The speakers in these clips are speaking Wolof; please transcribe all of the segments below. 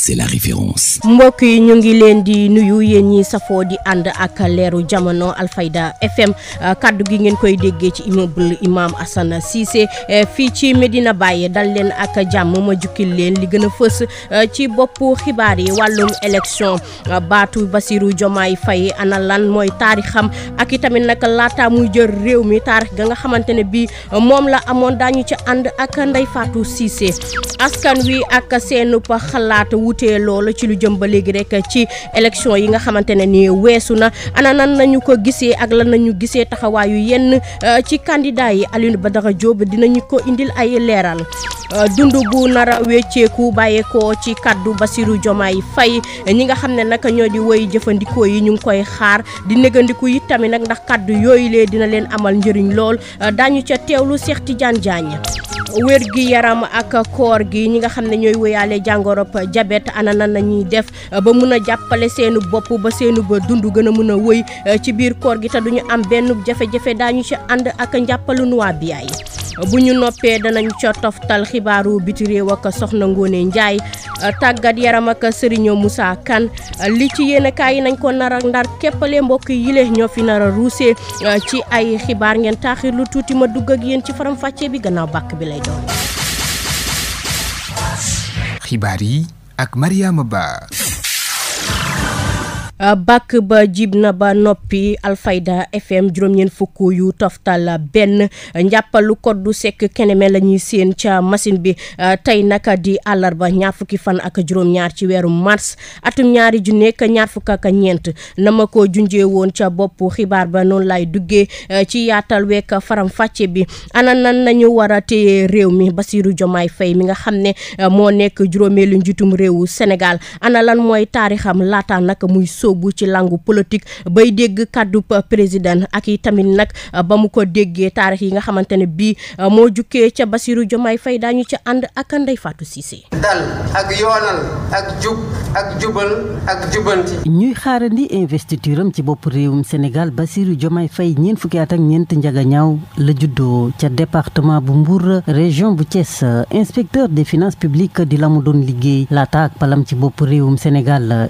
c'est mbokk yi ñu ngi leen di nuyu yéen ñi safoo di ànd ak leeru jamono Alfayda FM euh, kàddu gi ngeen koy déggee ci immeuble Imam Assane Cissé euh, fii ci Medina bàyyi dal leen ak jàmm ma jukkil leen li gën a fës euh, ci boppu xibaar yi wàllum élection baatu Basirou Diomaye Faye ana lan mooy taarixam ak itamit nag laata muy jël réew mi taarix ga nga xamante ne bii moom la amoon daañu ci ànd ak Ndeye Fatou Cissé askan wi ak seen xalaat. wutee loolu ci lu jëm ba léegi rek ci élection yi nga xamante ne ni weesu na ana nan nañu ko gisee ak lan nañu gisee taxawaayu yenn euh, ci kandidaa yi Alioune Badara Diop dinañu ko indil ay leeral euh, dund bu nar wecceeku bàyyeekoo ci kaddu Bassirou Diomaye Faye ñi nga xam ne nag ñoo di woy jëfandikoo yi ñu ngi koy xaar di négandiku yi tamit nag ndax kaddu yooyu lee dina leen amal njëriñ lool euh, daañu ca teewlu Cheikh Tidiane Diagne wér gi yaram ak koor gi ñi nga xam ne ñooy woyaale jàngorop jabet kat ana nan ñuy def euh, ba mun a jàppale seenu bopp ba seenu ba dund gën a mun a wëy euh, ci biir koor gi te duñu am benn jafe-jafe daañu ci ànd ak njàppalu nuwaa bi yaay euh, bu ñu noppee danañ ca toftal xibaaru biti réew ak soxna ngoone njaay tàggat yaram ak Serigne Moussa Kane li ci yéenekaay yi nañ ko nar ak ndar képpale mbokk yile ñoo fi nar a ruusee ci ay xibaar ngeen taaxir lu tuuti ma dugg ak yéen ci faram fàccee bi gannaaw bàkk bi lay doon. ak Mariama Ba Euh, bàkk ba jib na ba noppi Alfayda FM juróom-ñeent fukk yu toftal benn njàppalu koddu sekk keneme la ñuy séen ca machine bi euh, tey naka di àllarba ñaar fukki fan ak juróom-ñaar ci weeru mars atum ñaari ju ñaar fukk ak ñeent na ma ko junjee woon ca boppu xibaar ba noonu lay duggee euh, ci yaatal week faram fàcce bi ana nan nañu war a téye réew mi Bassirou Diomaye Faye mi nga xam ne moo nekk juróomeelu njiitum réewu Sénégal ana lan mooy taarixam laata naka soobu ci langu politique bay dégg kàddu président ak i tamit nag ba mu ko déggee taarix yi nga xamante ne bii euh, moo jukkee ca Bassirou Diomaye Faye daañu ca ànd ak Ndeye Fatou Cissé. dal ak yoonal ak jub jubal ak jubanti. ñuy xaarandi investiture ci bopp réewum Sénégal Bassirou Diomaye Faye ñeent fukki at ak ñeent njaga ñaaw la juddoo ca département bu Mbour région bu Thiès inspecteur des finances publiques di la mu doon liggéey laata ak palam ci bopp réewum Sénégal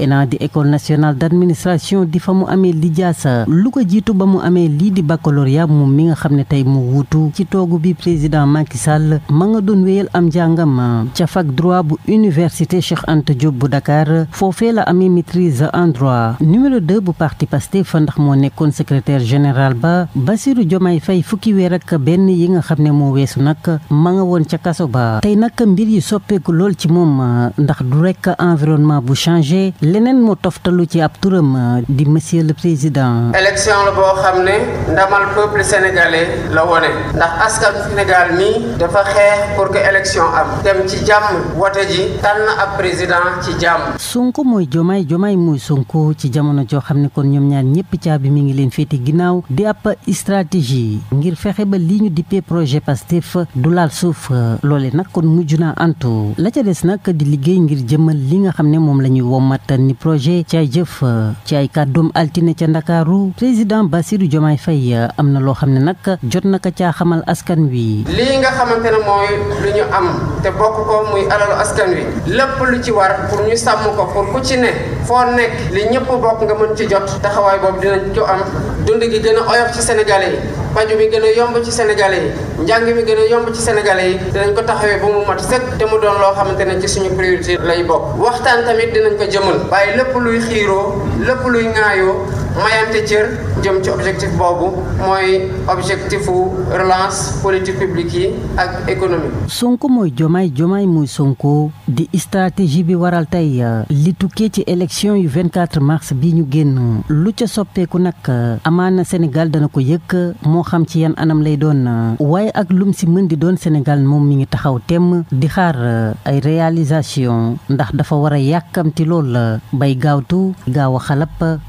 administration di fa mu amee lijaasa lu ko jiitu ba mu amee lii di baccalauréat moom mi nga xam ne tey mu wuutu ci toogu bi président Macky Sall ma nga doon wéyal am jàngam ca fac droit bu université Cheikh Anta bu Dakar foofee la amee maîtrise en droit numéro 2 bu parti fa ndax moo nekkoon secrétaire général ba Bassirou Diomaye fay fukki weer ak benn yi nga xam ne moo weesu nag ma nga woon ca kaso ba tey nag mbir yi soppeeku lool ci moom ndax du rekk environnement bu changé leneen moo toftalu ci ab turam euh, di monsieur le président. élection la boo xam ne ndamal peuple sénégalais la wone ndax askan Sénégal mi dafa xeex pour que élection am dem ci jàmm wote ji tànn ab président ci jàmm. Sonko mooy Jomaay Jomaay mooy sunk ci jamono joo xam ne kon ñoom ñaar ñëpp caabi mi ngi leen féete ginnaaw di ab stratégie ngir fexe ba lii ñu dippee projet Pastef du laal suuf loole nag kon mujj naa ant la ca des nag di liggéey ngir jëmmal li nga xam ne moom la ñuy wommat ni projet ca jëf. ci ay kàddoom altine ca ndakaaru président Bassirou Diomaye Faye euh, am na loo xam ne nag jot na ko caa xamal askan wi. lii nga xamante ne mooy lu ñu am te bokk ko muy alalu askan wi lépp lu ci war pour ñu sàmm ko pour ku ci ne foo nekk li ñëpp bokk nga mën ci jot taxawaay boobu dinañ ko am dund gi gën a oyof ci Sénégalais yi. paju bi gën a yomb ci sénégalais yi njàng mi gën a yomb ci sénégalais yi dinañ ko taxawee ba mu mat sëkk te mu doon loo xamante ne ci suñu priorité lay bokk waxtaan tamit dinañ ko jëmal waaye lépp luy xiiroo lépp luy ŋaayoo mayante cër jëm ci objectif boobu mooy objectifu relance politique publique yi ak économie. Sonko mooy Jomaay Jomaay muy Sonko di stratégie bi waral tey euh, li tukkee ci élection yu 24 mars bi ñu génn lu ca soppeeku nag euh, amaana senegal dana ko yëkk moo xam ci yan anam lay doon euh, waaye ak lum si mën di doon senegal moom mi ngi taxaw temm di xaar ay réalisation ndax dafa war a yàkkamti lool bay gaawtu gaaw a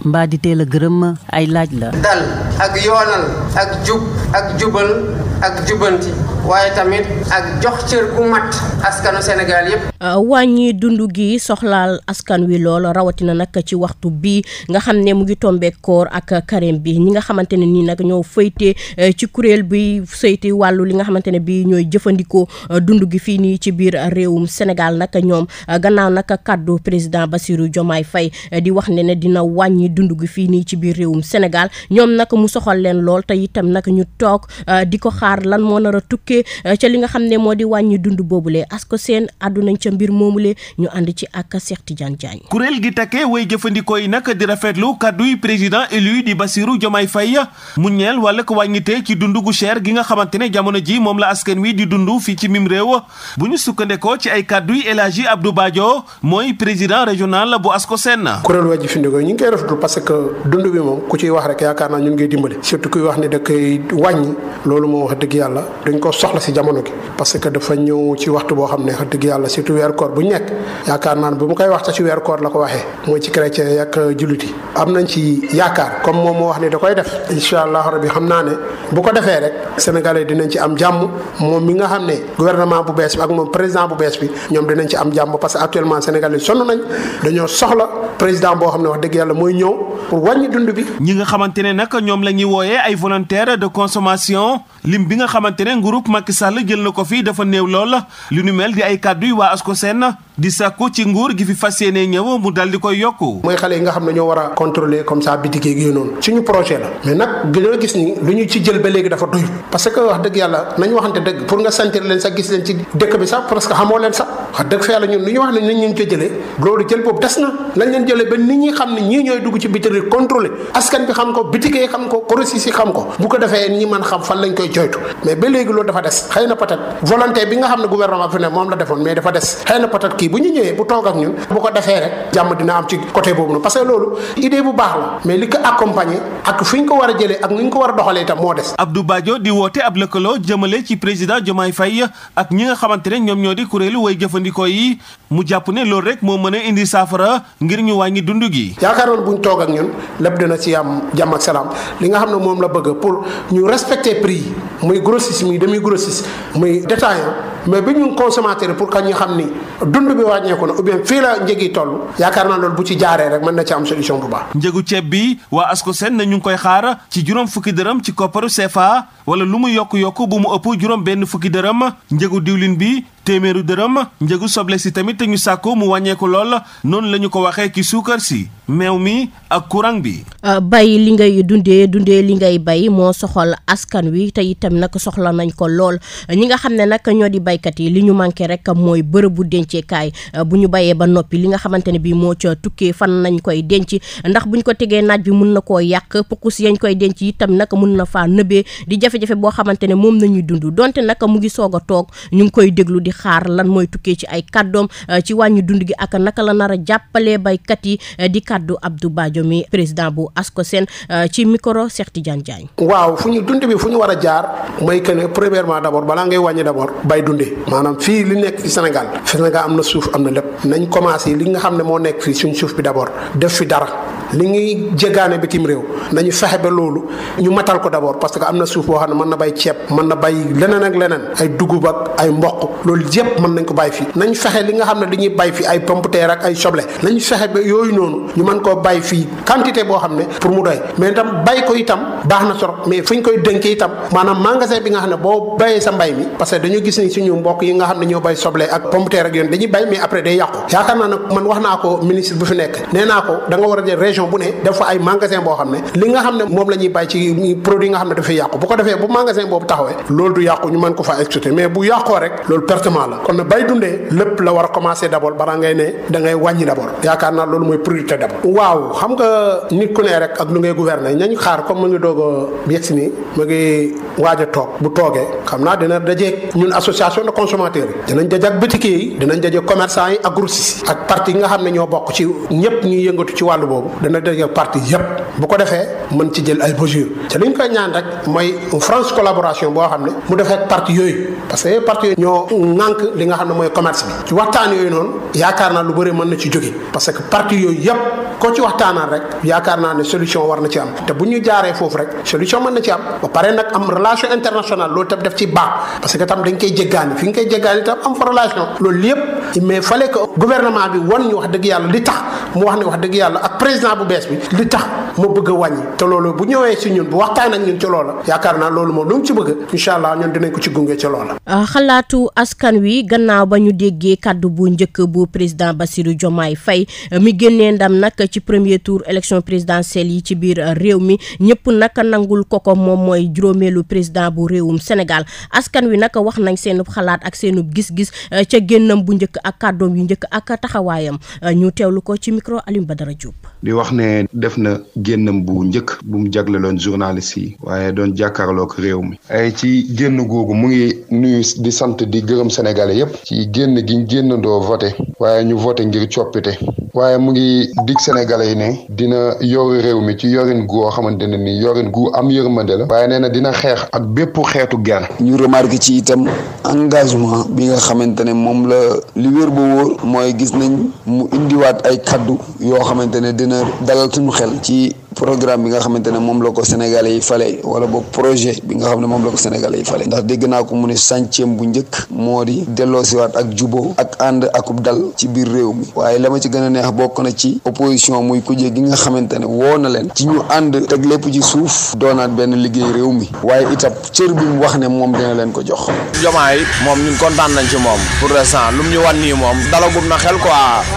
mbaa di teel gërëm ay laaj la. dal ak yoonal ak jub ak jubal ak jubanti. waaye tamit ak jox cër gu mat askanu Sénégal yépp euh, wàññi dund gi soxlaal askan wi lool rawatina nag ci waxtu bi nga xam ne mu ngi tombé koor ak kareem bi ñi nga xamante ne nii nag ñoo fayte euh, ci kuréel bi saytu wàllu li nga xamante ne bii ñooy jëfandikoo euh, dund gi fii nii ci biir réewum Sénégal nag ñoom gannaaw nag kàddu président Bassirou Diomaye Faye di wax ne ne dina wàññi dund gi fii nii ci biir réewum Sénégal ñoom nag mu soxal leen lool tey itam nag ñu toog di ko xaar lan moo nar tukkee jëmale eh, ca li nga xam ne moo di wàññi dund boobule asko seen àddunañ ca mbir moomule ñu ànd ci ak Cheikh Tidiane Diagne kuréel gi takkee way jëfandikoo yi nag di rafetlu kàdduy président élu di Bassirou Diomaye Faye mu ñeel wala ko wàññite ci dund gu cher gi nga xamante ne jamono ji moom la askan wi di dund fii ci mim réew bu ñu sukkandekoo ci ay kàdduy El Hadji Abdou Badio mooy président régional bu ASCOSEN kuréel way jëfandikoo yi ñu ngi koy rafetlu parce que dund bi moom ku ciy wax rek yaakaar naa ñu ngi dimbali surtout kuy wax ne da koy loolu moo wax dëgg yàlla soxla si jamono gi parce que dafa ñëw ci waxtu boo xam ne wax dëgg yàlla surtout weeru koor bu nekk yaakaar naan bu mu koy wax sax ci weeru koor la ko waxee mooy ci chrétien yaakaar comme moom moo wax ne da koy def incha allah rabbi xam naa ne ci am jàmm moom mi nga xam ne gouvernement bu bees bi ak moom président bu bees bi ñoom dinañ ci am jàmm parce que actuellement sénégalais sonn nañ dañoo soxla président boo xam ne wax dëgg yàlla mooy ñëw pour wàññi dund bi. ñi nga xamante ne ñoom la ñuy wooyee ay volontaires de consommation lim bi nga xamante ne groupe Macky Sall jël na ko fi dafa néew lool lu nu mel di ay kàddu yi waa Ascosen di sàkku ci nguur gi fi fas yéene ñëw mu dal koy yokku. mooy xale yi nga xam ne ñoo war a comme ça bitik yi yooyu noonu projet la mais nag dañoo gis ni lu ñu ci jël ba léegi dafa doy parce que wax dëgg yàlla nañ waxante dëgg pour nga sentir leen sax gis leen ci dëkk bi sax parce xamoo leen sax dëgg fa yàlla ñun ñu wax ne nañ leen ko jëlee loolu jël boobu dafa des xëy na peut-être volonté bi nga xam ne gouvernement bi ne moom la defoon mais dafa des xëy na peut kii bu ñu ñëwee bu toog ak ñun bu ko defee rek jàmm ak fi a jëlee ak a doxalee a li nga xam ne moom la bëgg pour ñu respecter prix muy grossiste muy demi grossiste muy détaillant mais bi ñu consommateur pour que ñu xam ni dund bi wàññeeku na ou bien fii la njëg yi toll yaakaar naa loolu bu ci jaaree rek mën na ci am solution bu baax. njëgu ceeb bi waa seen na ñu ngi koy xaar ci juróom fukki dërëm ci kopparu CFA wala lu mu yokk-yokk bu mu ëpp juróom benn fukki dërëm njëgu diwlin bi téeméeru dërëm njëgu soble si tamit ñu sàkku mu wàññeeku lool noonu la ñu ko waxee ci suukar si meew mi ak courant bi. Euh, bay li ngay dundee dundee li ngay bay moo soxal askan wi te itam nag soxla nañ ko lool ñi nga xam ne nag ñoo di baykat yi li ñu manqué rek mooy bërëb denceekaay euh, bu ñu bayee ba noppi li nga xamante ne bii moo ca tukkee fan nañ koy denc ndax bu ñu ko tegee naaj bi mun na koo yàq pukus yañ koy denc itam nag mun na faa nëbee di jafe-jafe boo xamante ne moom nañuy dund donte nag mu ngi soog a toog ñu ngi koy déglu di di xaar lan mooy tukkee ci ay kàddoom euh, ci wàññi dund bi ak naka la nar a jàppalee baykat yi euh, di kàddu Abdou baajo mi président bu asko ASCOSEN euh, ci micro Cheikh Tidiane Diagne. waaw fu ñu dund bi fu ñu war a jaar mooy que ne premièrement d' abord balaa ngay wàññi d' abord bay dundee maanaam fii li nekk ci Sénégal Sénégal am na suuf am na lépp nañ commencé li nga xam ne moo nekk fii suñ suuf bi d' abord def fi dara li ngi jégaane bitim réew nañu fexe ba loolu ñu matal ko d' abord parce que am na suuf boo xam ne mën na bay ceeb mën na bay leneen ak leneen ay dugub ak ay mboq yooyu yëpp mën nañ ko bàyyi fii nañ fexe li nga xam ne dañuy bàyyi fii ay pomme de terre ak ay soble nañ fexe ba yooyu noonu ñu mën koo bàyyi fii quantité boo xam ne pour mu doy mais itam bàyyi ko itam baax na trop mais fi ñu koy dénk itam maanaam magasin bi nga xam ne boo bàyyee sa mbay mi parce que dañu gis suñu mbokk yi nga xam ne ñoo bay soble ak pomme de terre ak yoon dañuy bay mais après ko ministre bu fi nekk nee naa ko da nga a jël région ne def ay magasin boo xam ne li nga xam ne moom la ñuy bàyyi ci produit nga xam ne dafay yàqu bu ko defee bu magasin boobu taxawee loolu du yàqu ñu mën ko fa exporter mais bu yàqoo rek loolu médicament la kon na bay dundee lépp la war a commencer d'abord balaa ngay ne da ngay wàññi d'abord yaakaar naa loolu mooy priorité d'abord waaw xam nga nit ku ne rek ak lu ngay gouverner nañ xaar comme mu ngi doog a yegsi nii mu ngi waaj a toog bu toogee xam naa dina dajeeg ñun association de consommateurs yi dinañ dajeeg boutique yi dinañ dajeeg commerçant yi ak grossistes ak parti yi nga xam ne ñoo bokk ci ñëpp ñuy yëngatu ci wàllu boobu dana dajeeg parti yëpp bu ko defee mën ci jël ay mesures te liñ koy ñaan rek mooy France collaboration boo xam ne ŋànk li nga xam ne mooy commerce bi waxtaan yooyu noonu yaakaar naa lu bëri mën na ci jóge parce que parti yooyu yëpp koo ci waxtaanaan rek yaakaar naa solution war na ci am ñu jaaree foofu rek solution mën na ci am ba pare nag am relation internationale loolu tam def ci baax parce que tam dañ koy jéggaani fi nga koy jéggaani tam am fa relation loolu yëpp mais fallait que gouvernement bi tax wax ne wax dëgg yàlla ak président bu bees bi li tax mu bëgg a bu ñëwee si ñun bu waxtaan ak ñun ci loola yaakaar naa loolu moom lu mu ci bëgg incha allah ñun dinañ ko ci gunge ci loola xalaatu askan wi gannaaw ba ñu déggee kàddu bu njëkk bu président Bassirou Diomaye Faye mi génnee ndam nag ci premier tour élection présidentielle yi ci biir réew mi ñëpp nag nangul ko ko moom mooy juróomeelu président bu réewum Sénégal askan wi nag wax nañ seenub xalaat ak seenub gis-gis eh, ca génnam bu njëkk ak kàddoom yu njëkk ak taxawaayam eh, ñu teewlu ko ci micro Alioune Badara Diop. di wax ne def na génnam bu njëkk bu mu jagleloon journaliste yi waaye doon jàkkaarloog réew mi ay eh, ci génn googu mu ngi nuyu di sant di gërëm sénégalais yépp ci génn gi ñu génnandoo voté waaye ñu voté ngir coppite waaye mu ngi dig sénégalais yi ne dina yori réew mi ci yorin goo xamante ne ni yorin gu am yërmande la waaye nee na dina xeex ak bépp xeetu ger ñu remarqué ci itam engagement bi nga xamante ne moom la li wér ba wóor mooy gis nañ mu indiwaat ay kaddu yoo xamante dina dalal suñu xel ci programme bi nga xamante ne moom la ko sénégalais yi fale wala boog projet bi nga xam ne moom la ko sénégalais yi fale ndax dégg naa ko mu ne chantième bu njëkk moo di delloosiwaat ak jubo ak ànd akub dal ci biir réew mi waaye la ma ci gën a neex bokk na ci opposition muy kuje gi nga xamante ne woo na leen ci ñu ànd teg lépp ci suuf doonaat benn liggéey réew mi waaye itam cër bi mu wax ne moom dana leen ko jox. yi moom ñun kontaan nañ ci moom pour l'instant lu mu ñu wan nii moom dalagum na xel quoi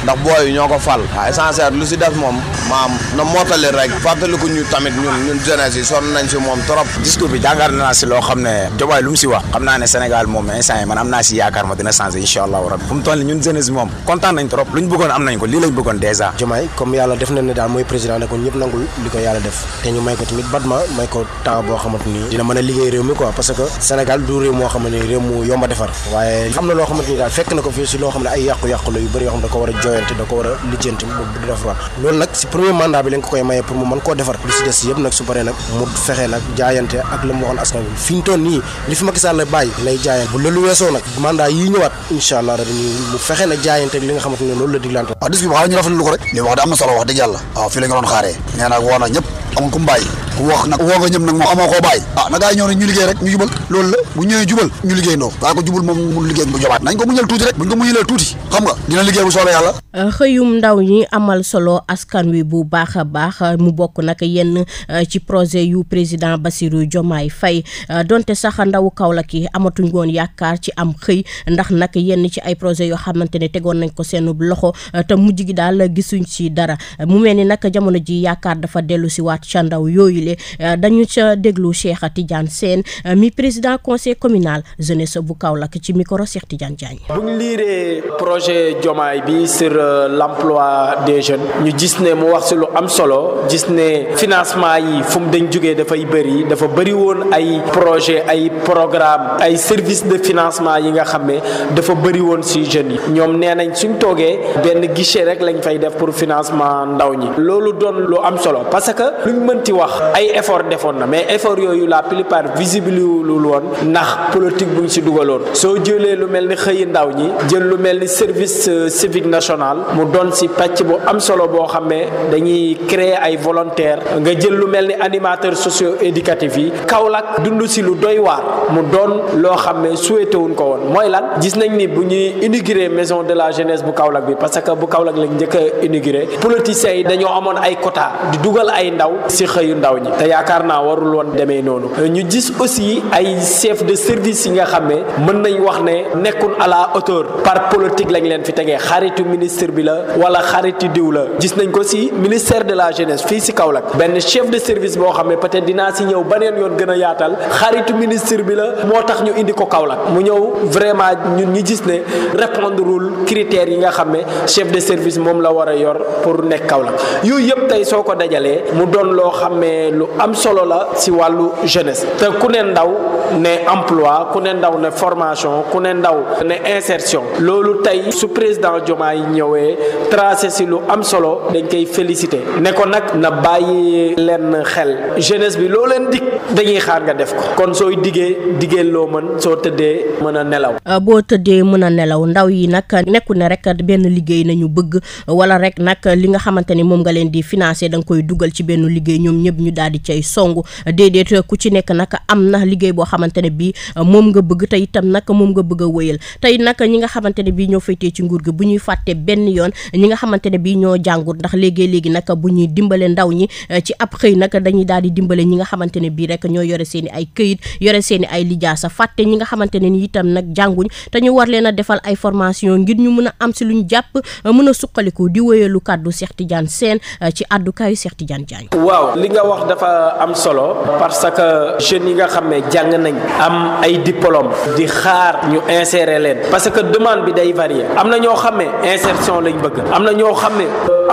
ndax booy ñoo ko fal essentiel lu si def moom maam na mootali rek fàttaliku ñu tamit ñun ñun yi sonn nañ si moom trop discours bi jàngaar naa si loo xam ne Diomaye lu mu si wax xam naa ne Sénégal moom instant moom kontaan nañ lu ñu bëggoon am nañ ko lii lañ bëggoon dèjà Diomaye comme yàlla def na ne daal mooy président ne ko ñëpp nangul li ko yàlla def te ñu may ko tamit batma may ko temps boo xamante ni dina mën a liggéey réew mi quoi parce que Sénégal du réew moo xamante ni réew mu yomb defar waaye am na loo xamante mën koo defar lu si des yëpp nag su paree nag mu fexe nag jaayante ak la mu waxoon askan bi fi ñu toll nii li fi Macky Sall la bàyyi lay jaayante bu loolu weesoo nag mandat yi ñëwaat incha allah rek mu fexe nag jaayante li nga xamante ne loolu la diglante waaw dis a ma xam ñu rafetlu ko rek li wax de am na solo wax dëgg yàlla fii la ñu doon nee naa woo na ñëpp amul ku mu bàyyi wax ah loolu la bu ñëwee jubal ñu liggéey ndoo waaye ko nañ ko muñal tuuti rek buñ ko muñalee tuuti xam nga euh, xëyum ndaw ñi amal solo askan wi bu baax a baax mu bokk nag yenn euh, ci projet yu président basiru Diomaye fay euh, donte sax ndawu Kaolack yi amatuñ goon yaakaar ci am xëy ndax nag yenn ci ay projet yoo xamante ne tegoon nañ ko seen loxo te mujj gi daal gisuñ ci dara mu mel ni nag jamono ji yaakaar dafa dellu si waat ca ndaw yooyu boobule euh, dañu ca déglu Cheikh Tidiane Sène euh, mi président conseil communal jeunesse bu Kaolack ci micro Cheikh Tidiane Diagne. bu ñu liiree projet Jomaay bi sur euh, l'emploi des jeunes ñu gis ne mu wax si lu am solo gis ne financement yi fum mu dañ jógee dafay bëri dafa bëri woon ay projet ay programme ay service de financement yi nga xam ne dafa bëri woon si jeunes yi ñoom nee nañ suñ toogee benn guichet rek lañ fay def pour financement ndaw ñi loolu doon lu am solo parce que ay effort defoon na mais effort yooyu la plupart visible wulul woon ndax politique bu ñu si dugaloon soo jëlee lu mel ni xëyi ndaw ñi jël lu mel ni service euh, civique national mu doon si pàcc bu am solo boo xam ne dañuy créer ay volontaires nga jël lu mel ni animateurs socio éducatifs yi Kaolack dund si lu doy waar mu doon loo xam ne souhaité wuñ ko woon mooy lan gis nañ ni bu ñuy inauguré maison de la jeunesse bu Kaolack bi parce que bu Kaolack lañ njëkk a inauguré politiciens yi dañoo amoon ay quotas di dugal ay ndaw si xëyu ndaw ñi lañ te yaakaar naa warul woon demee noonu ñu gis aussi ay chef de service yi nga xam ne mën nañ wax ne nekkul à la hauteur par politique lañ leen fi tegee xaritu ministre bi la wala xaritu diw la gis nañ ko si ministère de la jeunesse fii si Kaolack benn chef de service boo xam ne peut-être dinaa si ñëw beneen yoon gën a yaatal xaritu ministre bi la moo tax ñu indi ko Kaolack mu ñëw vraiment ñun ñu gis ne répondreul critères yi nga xam ne chef de service moom la war a yor nekk Kaolack lu am solo la si wàllu jeunesse te ku ne ndaw ne emploi ku ne ndaw ne formation ku ne ndaw ne insertion loolu tey su président yi ñëwee tracé si lu am solo dañ koy félicité ne ko nag na bàyyi leen xel jeunesse bi loo leen dig dañuy xaar nga def ko kon sooy diggee diggee loo mën soo tëddee mën a nelaw. Euh, boo tëddee mën a nelaw ndaw yi nag nekku ne rek benn liggéey nañu bëgg wala rek nag li nga xamante ni moom nga leen di financé da nga koy dugal daal di cay songu ku ci nekk nag am na liggéey boo xamante ne bii euh, moom nga bëgg te itam nag moom nga bëgg a wëyal tey nag ñi nga xamante ne bii ñoo féetee ci nguur gi bu ñuy fàtte benn yoon ñi nga xamante ne bii ñoo jàngut ndax léegi-léegi nag bu ñuy dimbale ndaw ñi euh, ci ab xëy nag dañuy daal di dimbale ñi nga xamante ne bii rek ñoo yore seeni ay këyit yore seen i ay lijaasa fàtte ñi nga xamante ne ni itam nag jànguñ te ñu war leen a defal ay formation ngir ñu mën a am si luñ jàpp euh, mën a suqaliku di wëyalu kàddu Cheikh Tidiane seen ci àddukaay Cheikh Tidiane Diagne waaw li nga wax dafa am solo parce que jeunes yi nga xam ne jàng nañ am ay diplôme di xaar ñu insérer leen parce que demande bi day varier am na ñoo xam ne insertion lañ bëgg am na ñoo xam ne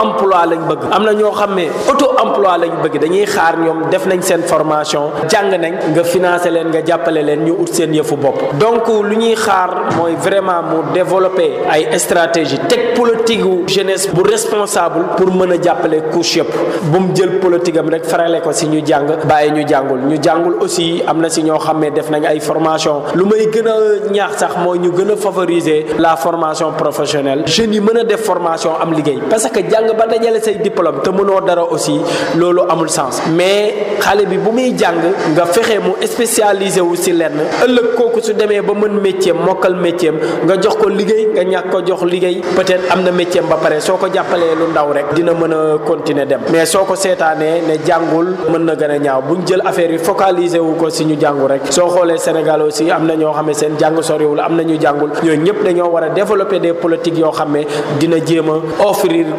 emploi lañ bëgg am na ñoo xam ne auto emploi lañ bëgg dañuy xaar ñoom def nañ seen formation jàng nañ nga financer leen nga jàppale leen ñu ut seen yëfu bopp donc lu ñuy xaar mooy vraiment mu développer ay stratégie teg politique jeunesse bu responsable pour mën a jàppale couche yëpp bu mu jël politique rek farale boole ko si ñu jàng bàyyi ñu jàngul ñu jàngul aussi am na si ñoo xam ne def nañ ay formation lu may gën a ñaax sax mooy ñu gën a favoriser la formation professionnelle jeunes yi mën a def formation am liggéey parce que jàng ba dajale say diplôme te mënoo dara aussi loolu amul sens mais xale bi bu muy jàng nga fexe mu spécialisé wu si lenn ëllëg kooku su demee ba mën métier mokkal métier nga jox ko liggéey nga ñàkk ko jox liggéey peut-être am na métier ba pare soo ko jàppalee lu ndaw rek dina mën a continuer dem mën na gën a ñaaw bu buñ jël affaire yi focaliser wu ko si ñu jàngu rek soo xoolee Sénégal aussi am na ñoo xam ne seen jàng soriwul am na ñu jàngul ñooñu ñëpp dañoo war a développer des politiques yoo xam ne dina jéem a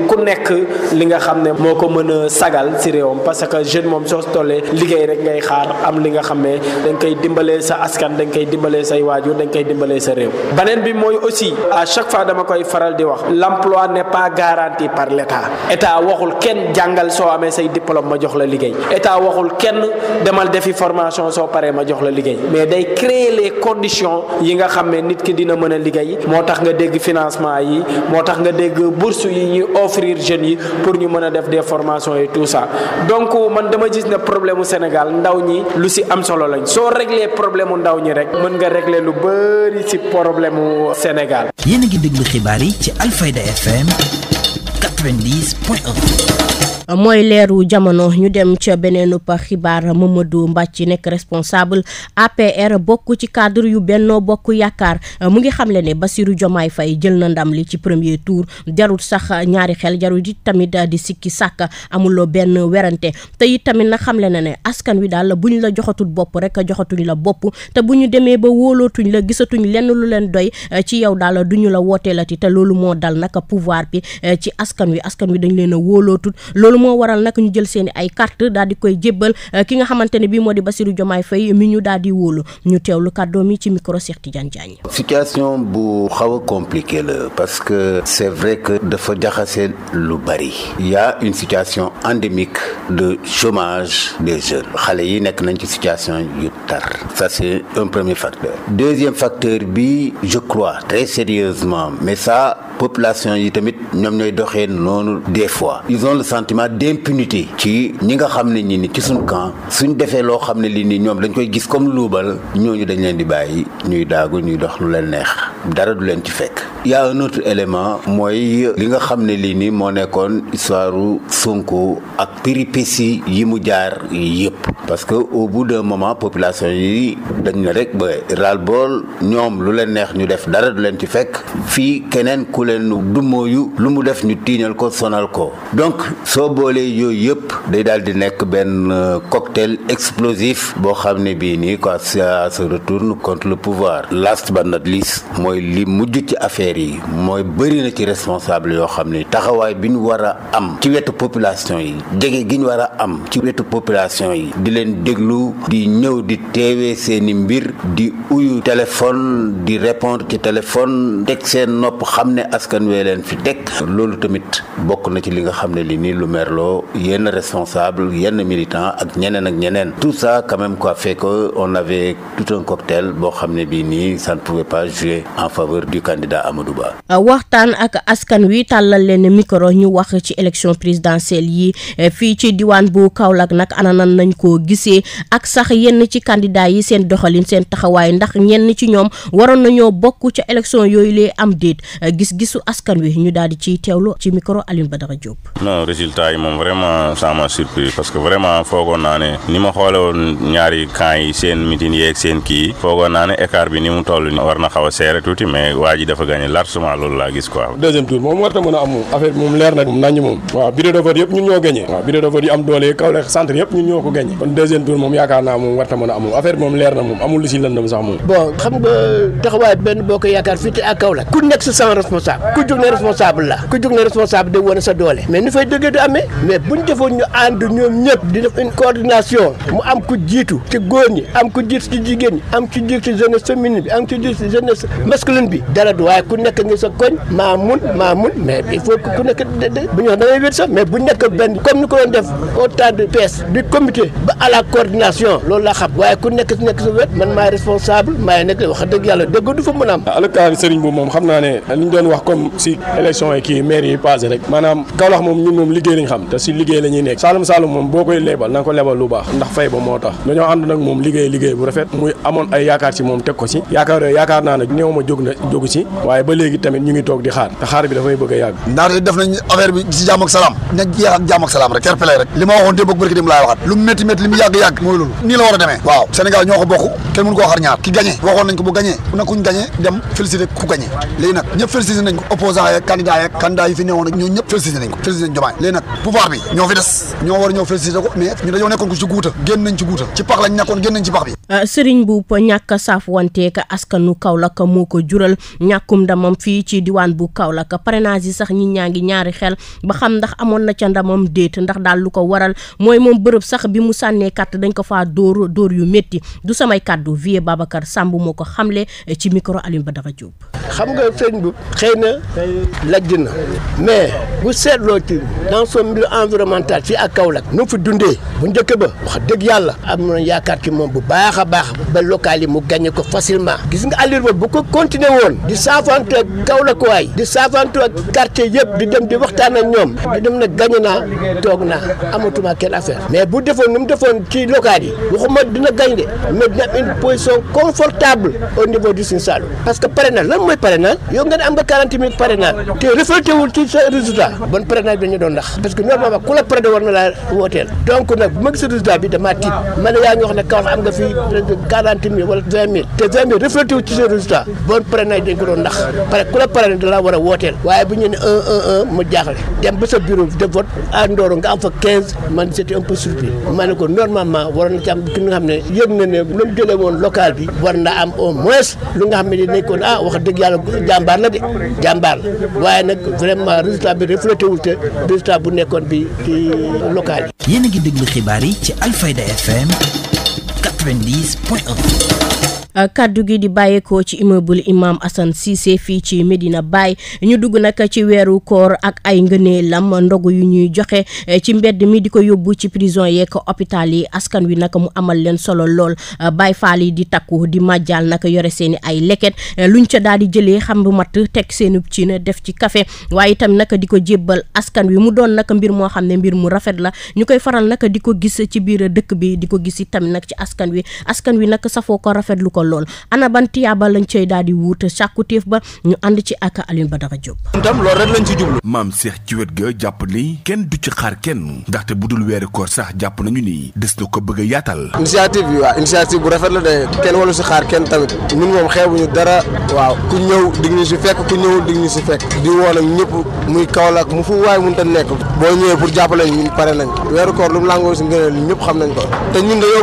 ku nekk li nga xam ne moo ko mën a sagal si réewam parce que jeune moom soo tollee liggéey rek ngay xaar am li nga xam ne dañ koy dimbalee sa askan dañ koy dimbalee say waajur dañ koy dimbalee sa réew beneen bi mooy aussi à chaque fois dama koy faral di wax l'emploi n'est pas garanti par l'état état waxul kenn jàngal soo amee say diplôme ma jox la liggéey état waxul kenn demal defi formation soo paree ma jox la liggéey mais day créer les conditions yi nga xam ne nit ki dina mën a liggéey moo tax nga dégg financement yi moo tax nga dégg bourse yi ñu offrir jeunes yi pour ñu mën a def des formation yi tout ça donc man dama gis ne problème mu Sénégal ndaw ñi lu si am solo lañ soo réglé problème mu ndaw ñi rek mën nga régle lu bëri si problème mu Sénégal. yéen a ngi déglu xibaar yi ci Alfayda FM 90 point 1. mooy leeru jamono ñu dem ca beneen xibaar Mamadou Mbàcc nekk responsable APR bokk ci cadre yu Benno Bokk Yaakaar mu ngi xamle ne Bassirou Diomaye fay jël na ndam li ci premier tour jarul sax ñaari xel jarul ji tamit di sikki sàkk amuloo benn werante te it tamit na xamle na ne askan wi daal bu ñu la joxatul bopp rek joxatuñ la bopp te bu ñu demee ba woolootuñ la gisatuñ lenn lu leen doy ci yow daal du ñu la wooteelati te loolu moo dal nag pouvoir bi ci askan wi askan wi dañ leen a wóolootut loolu moo waral naka ñu jël seen i ay carte daal di koy jébbal euh, ki nga xamante ne bii moo di Bassirou Diomaye Faye mi ñu daal di wóolu ñu teewlu kàddoom yi ci micro Cheikh Tidiane Diagne. situation bu xaw a compliqué la parce que c'est vrai que dafa jaxase lu bari. y a une situation endémique de chômage des jeunes xale yi nekk nañ ci situation yu tar ça c'est un premier facteur deuxième facteur bi je crois très sérieusement mais ça population yi tamit ñoom ñooy doxee noonu sentiment d'impunité ci ñi nga xam ne ñi ni ci suñ camp suñ defee loo xam ne li nii ñoom dañ koy gis comme luubal ñooñu dañ leen di bàyyi ñuy daagu ñuy dox lu leen neex dara du leen ci fekk y a un élément mooy li nga xam ne lii nii moo nekkoon histoire Sonko ak péripétie yi mu jaar yëpp parce que au bout d'un moment population yi dañ ne rek ba ras bool ñoom lu leen neex ñu def dara du leen ci fekk fii keneen ku leen du mooyu lu mu def ñu tiiñal ko sonal ko boolee yooyu yëpp day daal di nekk benn euh, cocktail explosif boo xam ne bii nii quoi ça se retourne contre le pouvoir last but not least mooy li mujj ci affaire yi mooy bëri na ci responsable yoo xam ne taxawaay bi ñu war a am ci wetu population yi jege gi war a am ci wetu population yi di leen déglu di ñëw di teewee seeni mbir di uyu téléphone di répondre ci téléphone teg seen nopp xam ne askan wee leen fi teg loolu tamit bokk na ci li nga xam ne li nii lu mel merlot yenn responsable yenn militant ak ñeneen ak ñeneen tout ça quand même quoi fait que on boo xam ne bii nii ça ne pouvait pas jouer en faveur euh, waxtaan ak askan wi tàllal leen micro ñu wax ci élection présidentielle yi euh, fii ci diwaan bu Kaolack nag ananan nañ ko gisee ak sax yenn ci candidat yi seen doxalin seen taxawaay ndax ñenn ci ñoom waroon nañoo bokk ca élection yooyu lee am déet euh, gis-gisu askan wi ñu daal ci ciy teewlu ci micro Alioune Badara gars moom vraiment ça m'a parce que vraiment foogoon naa ne ni ma xoole woon ñaari camp seen meeting yeeg seen kii foogoon naa ne écart bi ni mu toll war na xaw seere tuuti mais waa ji dafa gagné largement loolu laa gis ko gagné tour moom yaakaar naa a am moom affaire moom leer na moom amul si lëndëm sax moom bon xam nga taxawaay benn boo ko yaakaar fii ak Kaolack ku nekk responsable ku jug ne responsable la ku jug ne responsable de wane sa mais bu ñu defoon ñu ànd ñoom ñëpp di def une coordination mu am ku jiitu ci góor ñi am ku jiitu ci jigéen am ci jiitu ci jeunesse féminine bi am ci jiitu ci jeunesse masculine bi dara du waaye ku nekk nga sa koñ maa mun maa mun mais il faut ku nekk comme ni ko doon def au de PS du comité ba à la coordination loolu laa xam waaye ku nekk si nekk sa wet man maay responsable maay nekk wax dëgg yàlla dëgg du fa mën a am ah, alkaari sëriñ bu moom xam naa ne li ñu doon wax comme si élection yi kii moom ñun moom xam te si liggéey la ñuy nekk saalum saalum moom boo koy lebal na nga ko lebal lu baax ndax fay ba moo tax dañoo ànd nag moom liggéey liggéey bu rafet muy amoon ay yaakaar si moom teg ko si yaakaar yooyu yaakaar naa ne néew ma jóg na jóg si waaye ba léegi tamit ñu ngi toog di xaar te xaar bi dafay bëgg a yàgg ndaxte def nañ affaire bi si jàmm ak salaam nañ jeex ak jàmm ak salaam rek terpelé rek li ma waxoon te bëgg bëri dem laay waxaat lu métti métti li mu yàgg yàgg mooy loolu nii la war a demee waaw Sénégal ñoo ko bokk kenn mënu koo xar ñaar ki gagné waxoon nañ ko bu gagné na kuñ gagné dem félicité ku gagné léegi nag ñëpp félicité nañ ko opposant yeeg candidat yeeg candidat yi fi newoon ak ñoo ñëpp félicité nañ ko félicité nañ jomaay léegi nag pouvoir bi ñoo fi des ñoo war a ñëw félicité ko mais ñu dañoo nekkoon ko ci guuta génn nañ ci guuta ci pax lañ nekkoon génn nañ ci pax bi ah, sëriñ bu ñàkk saaf askanu Kaolack moo ko jural ñàkkum ndamam fii ci diwaan bu Kaolack parrainage yi sax ñi ñaa ngi ñaari xel ba xam ndax amoon na ca ndamam déet ndax daal lu ko waral mooy moom bërëb sax bi mu sànnee carte dañ ko fa dóor dóor yu metti du samay kàddu vie Babacar sàmbu moo ko xamle ci micro Alioune Badara Diop xam nga sëriñ bu xëy na lajj na mais bu seetloo ci dans wàllu mbir environnemental a ak Kaolack nu fi dundee bu njëkk ba wax dëgg yàlla am na yaakaar moom bu baax a baax ba local yi mu gagné ko facilement gis nga Alioune Wade bu ko continué woon di saafantu ak Kaolack waay di saafantu ak quartier yëpp di dem di waxtaan ak ñoom di dem na gagné naa toog naa amatuma kenn affaire mais bu defoon nu defoon ci local yi waxuma dina gagné de mais dina am une position confortable au niveau du Sine Saloum parce que parrainage lan mooy parrainage yow nga ne am nga 40 000 parrainage te reflété wul ci sa parce que normalement ku la prédé ma gis résultat bi damaa tiit ma ne yaa ñu wax ne Kaolack am nga fi de la parrainé da laa war a wooteel waaye na am ki nga lu mu jëlee woon local ah wax dëgg yàlla jàmbaar la de jàmbaar waaye nag vraiment résultat bi reflété te résultat bu ne nekkoon bi ci local yi. yéen a ngi déglu xibaar yi ci Alfayda FM point 1. Euh, kaddu gi di bàyyeekoo ci immeuble imaam Assane Cissé fii ci Medina Baye ñu dugg nag ci weeru koor ak ay ngëneelam ndogu yu ñuy joxe euh, ci mbedd mi di ko yóbbu ci prison yeeg hôpital yi askan wi nag mu amal leen solo lool euh, Baye Fall yi di takku di màjjal nag yore seen i ay leket luñ ca daal di jëlee xam bu mat teg seen cin def ci café waaye itam di ko jébbal askan wi mu doon nag mbir moo xam ne mbir mu rafet la ñu koy faral nag di ko gis ci biir dëkk bi di ko gis itam nag ci askan wi askan wi nag safoo ko rafetlu ko ko lool ana ban tiyaaba lañ cay daal di wuute sàkkuteef ba ñu ànd ci ak Alioune Badara Diop. tam loolu rek lañ ci jublu. maam Cheikh ci wet ga jàpp ni kenn du ci xaar kenn ndaxte bu dul weeri koor sax jàpp nañu ni des na ko bëgg a yaatal. initiative bi waaw initiative bu rafet la de kenn walu si xaar kenn tamit ñun moom xeebuñu dara waaw ku ñëw dig ñu si fekk ku ñëwul dig ñu si fekk di woon ak ñëpp muy Kaolack mu fu waay mënut a nekk boo ñëwee pour jàppale ñun pare nañ weeru koor lu mu langoo si ngëneel ñëpp xam nañ ko te ñun dañoo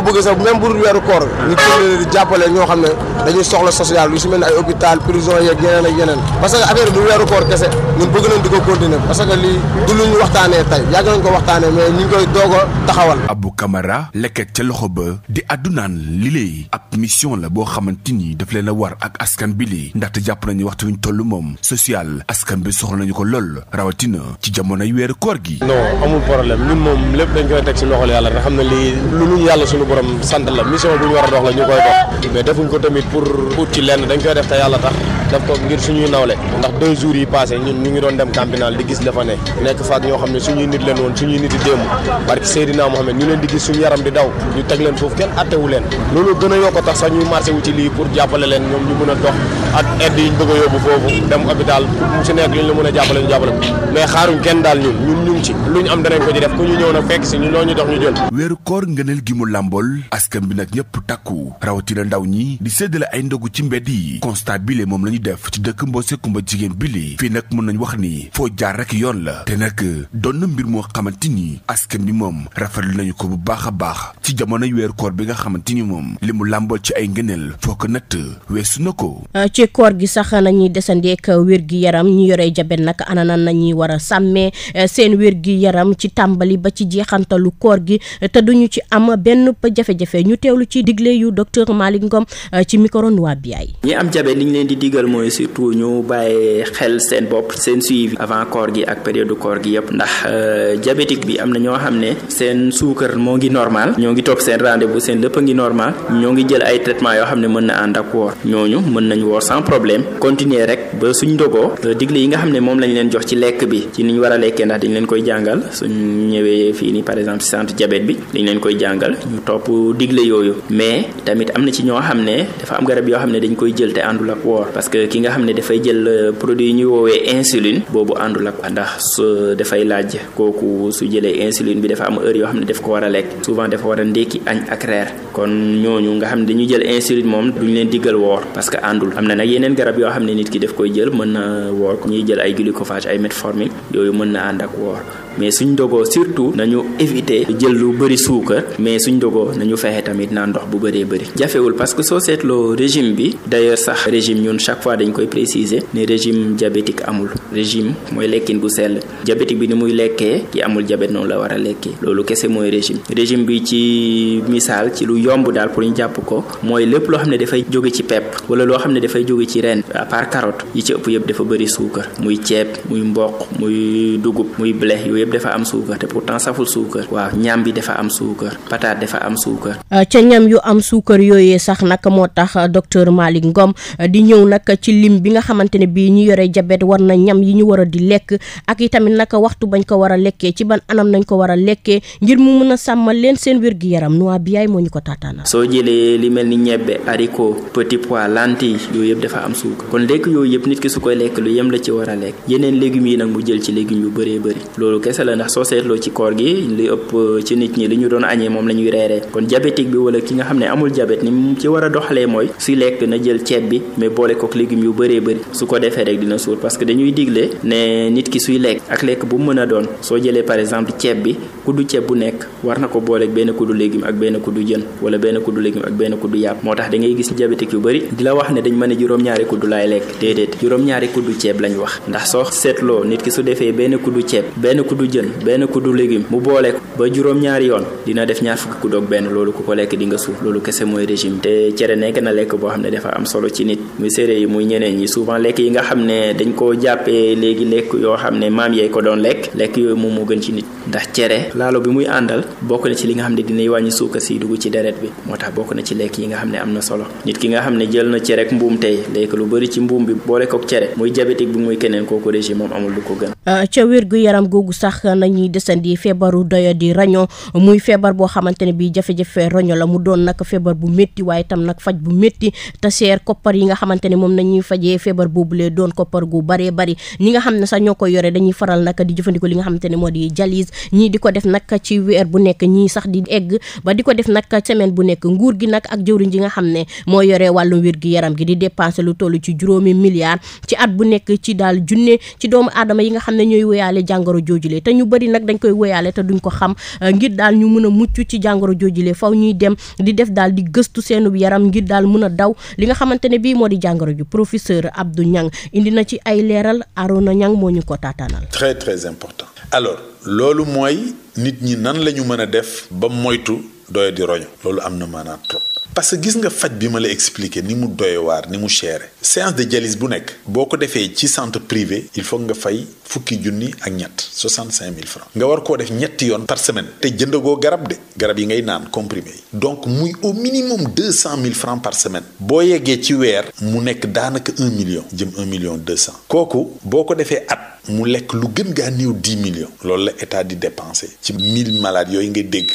xam ne dañuy soxla social lu si mel ne ay hôpital prison yeeg yeneen ak yeneen parce que affaire du weeru koor kese ñun bëgg nañ di ko continuer parce que lii du lu ñu waxtaanee tey yàgg nañ ko waxtaanee mais ñu koy doog a taxawal Abou Camara lekket ca loxo ba di àddunaan lii léey ab mission la boo xamante ni daf leen a war ak askan bi lii ndaxte jàpp nañu waxtu wi ñu toll moom social askan bi soxla nañu ko lool rawatina ci jamonoy weeru koor gi non amul problème lépp dañ koy teg si loxol yàlla nga xam ne lii suñu borom sant la mission bu ñu war a dox la ñu defuñ ko tamit pour ut ci lenn dañ koy def te yàlla tax def ko ngir suñuy nawle ndax deux jours yi passé ñun ñu ngi doon dem campinal di gis dafa ne nekk faak ñoo xam ne suñuy nit leen woon suñuy nit yi démb barki Seydina Mohamed ñu leen di gis suñu yaram di daw ñu teg leen foofu kenn attewu leen loolu gën a yokk tax sax ñuy marché wu lii pour jàppale leen ñoom ñu mën a dox ak aide yi ñu bëgg a yóbbu foofu dem hôpital mu si nekk li ñu la mën a jàppale ñu jàppale mais xaaruñ kenn daal ñun ñun ñu ci lu ñu am danañ ko ci def ku ñu ñëw na fekk si ñu loo ñu dox ñu jël weeru koor ngëneel gi mu làmbool askan bi nag ñëpp takku rawatina ndaw ñi di séddale ay ndogu ci mbedd yi constat bile moom la ñu def ci dëkk Mbossé Kumba jigéen bile fii nag mën nañu wax ni foo jaar rek yoon la te nag doon na mbir moo xamante ni askan bi moom rafetlu nañu ko bu baax a baax ci jamonoy weeru koor bi nga xamante ni moom li mu làmbool ci ay ngëneel foo ko natt weesu na ko euh, ci koor gi sax nañuy desandi ak wér gi yaram ñu yore jabet nag ana nan nañuy war a sàmmee eh, seen wér gi yaram ci tàmbali ba ci jeexantalu koor gi eh, te duñu ci am benn jafe-jafe ñu teewlu ci digle yu docteur Malick Ngom eh, ci micro bi Biaye. ñi am jabet li leen di digal mooy surtout ñu bàyyi xel seen bopp seen suivi avant gi ak période koor gi yëpp ndax diabétique bi am na ñoo xam ne seen suukar moo ngi normal ñoo ngi topp seen rendez-vous seen dëpp ngi normal ñoo ngi jël ay traitement yoo xam ne mën na ànd ak woor ñooñu mën nañ woor sans problème continuer rek ba suñ dogoo digle yi nga xam ne moom lañ leen jox ci lekk bi ci ni ñu war a lekkee ndax dañ leen koy jàngal suñ ñëwee fii nii par exemple si centre diabète bi dañ leen koy jàngal ñu topp digle yooyu mais tamit am na ci ñoo xam ne dafa am garab yoo xam ne dañ koy jël te àndul ak woor parce que ki nga xam ne dafay jël euh, produit yi ñuy woowee insuline boobu àndul ak ndax euh, dafay laaj kooku su jëlee insuline bi dafa am heure yoo xam ne daf ko war a lekk souvent dafa war a ndékki añ ak reer kon ñooñu nga xam ne dañuy jël insuline moom duñ leen diggal woor parce que nag yeneen garab yoo xam ne nit ki daf koy jël mën na woor ñuy jël ay glucophage ay metformine yooyu mën na ànd ak woor mais suñ dogoo surtout nañu éviter jël lu bëri suukar mais suñ dogoo nañu fexe tamit naa ndox bu bëree bari jafewul parce que soo seetloo régime bi d'ailleurs sax régime ñun chaque fois dañ koy préciser ne régime diabétique amul régime mooy lekkin bu sell diabétique bi ni muy lekkee ki amul diabète noonu la war a lekkee loolu kese mooy régime régime bi ci misaal ci lu yomb daal pour ñu jàpp ko mooy lépp loo xam ne dafay jóge ci pepp wala loo xam ne dafay jóge ci ren à yi ci ëpp yëpp dafa bëri suukar muy ceeb muy mboq muy dugub muy yëpp dafa am suukar te pourtant saful suukar waaw ñam bi dafa am suukar pataat dafa am suukar. Euh, ca ñam yu am suukar yooyee sax nag moo tax euh, docteur Malick Ngom euh, di ñëw nag ci lim bi nga xamante ne bii ñu yore jabet war na ñam yi ñu war a di lekk ak tamit nag waxtu bañ ko war a lekkee ci ban anam nañ ko war a lekkee ngir mu mun a sàmmal leen seen wér gi yaram noa bi yaay moo ñu ko taataana. soo jëlee li mel ni ñebbe haricot petit pois lentille yooyu yëpp dafa am suukar kon lekk yooyu yëpp nit lekk lu yem la ci war a lekk yeneen kese la ndax soo seetloo ci koor gi li ëpp ci nit ñi li ñu doon añee moom la ñuy reeree kon diabétique bi wala ki nga xam ne amul jabet ni mu ci war a doxalee mooy suy lekk na jël ceeb bi mais boole kook légumes yu bëree bëri su ko defee rek dina suur parce que dañuy digle ne nit ki suy lekk ak lekk bu mu mën a doon soo jëlee par exemple ceeb bi kuddu ceeb bu nekk war na ko booleeg benn kuddu légume ak benn kuddu jën wala benn kuddu légume ak benn kuddu yàpp moo tax da ngay gis diabétique yu bëri di la wax ne dañ mën ne juróom-ñaari lekk déedéet juróom-ñaari kuddu ceeb lañ wax ndax seetloo nit ki su defee benn kuddu ceeb kuddu jën benn kuddu légume mu boole ko ba juróom-ñaari yoon dina def ñaar fukki kuddoog benn loolu ku ko lekk di nga suuf loolu kese mooy régime te cere nekk na lekk boo xam ne dafa am solo ci nit muy séeréer yi muy ñeneen ñi souvent yi nga xam ne dañ koo jàppee léegi lekk yoo xam ne maam yeey ko doon lekk lekk yooyu moom moo gën ci nit ndax cere laalo bi muy àndal bokk na ci li nga xam ne dinay wàññi suuka si dugg ci deret bi moo tax bokk na ci lekk yi nga xam ne am na solo nit ki nga xam ne jël na cere ak mbuum tey lekk lu bari ci mbuum bi boole ko cere muy diabétique bi muy keneen kooku régime moom amul lu ko sax nañuy desandi feebaru doyo di ragnon muy feebar boo xamante ne bi jafe-jafe la mu doon nag feebar bu métti waaye tam nag faj bu métti te seer koppar yi nga xamante ne moom nañuy fajee feebar boobulee doon koppar gu baree bari ñi nga xam ne sax ñoo koy yore dañuy faral nag di jëfandikoo li nga xamante ne moo di dialyse ñii di ko def nag ci weer bu nekk ñii sax di egg ba di ko def nag semaine bu nekk nguur gi nag ak jëwriñ ji nga xam ne moo yore wàllu wér gi yaram gi di dépenser lu toll ci juróomi milliards ci at bu nekk ci daal junne ci doomu aadama yi nga xam ne ñooy woyaale jàngoro joojule te ñu bëri nag dañ koy wéyaale te duñ ko xam euh, ngir daal ñu mën a mucc ci jàngoro joojule faw ñuy dem di def daal di gëstu seenu yaram ngir daal mën a daw li nga xamante ne bii moo di jàngoro ju professeur Abdou Niang indi na ci ay leeral Arona Niang moo ñu ko taataanal. très très important alors loolu mooy nit ñi nan lañu mën a def ba moytu doy di roño loolu am na maanaam trop. parce que gis nga faj bi ma la expliqué ni mu doy waar ni mu chéré séance de dialyse bu nekk boo ko defee ci centre privé il faut nga fay fukki junni ak ñett soixante cinq mille francs nga war koo def ñetti yoon par semaine te jënd jëndagoo garab de garab yi ngay naan comprimé yi donc muy au minimum deux cent mille francs par semaine boo yeggee ci weer mu nekk daanaka un million jëm un million deux cent kooku boo ko defee at mu lekk lu gën gaa néew dix million loolu la état di dépensé ci mille malades yooyu nga dégg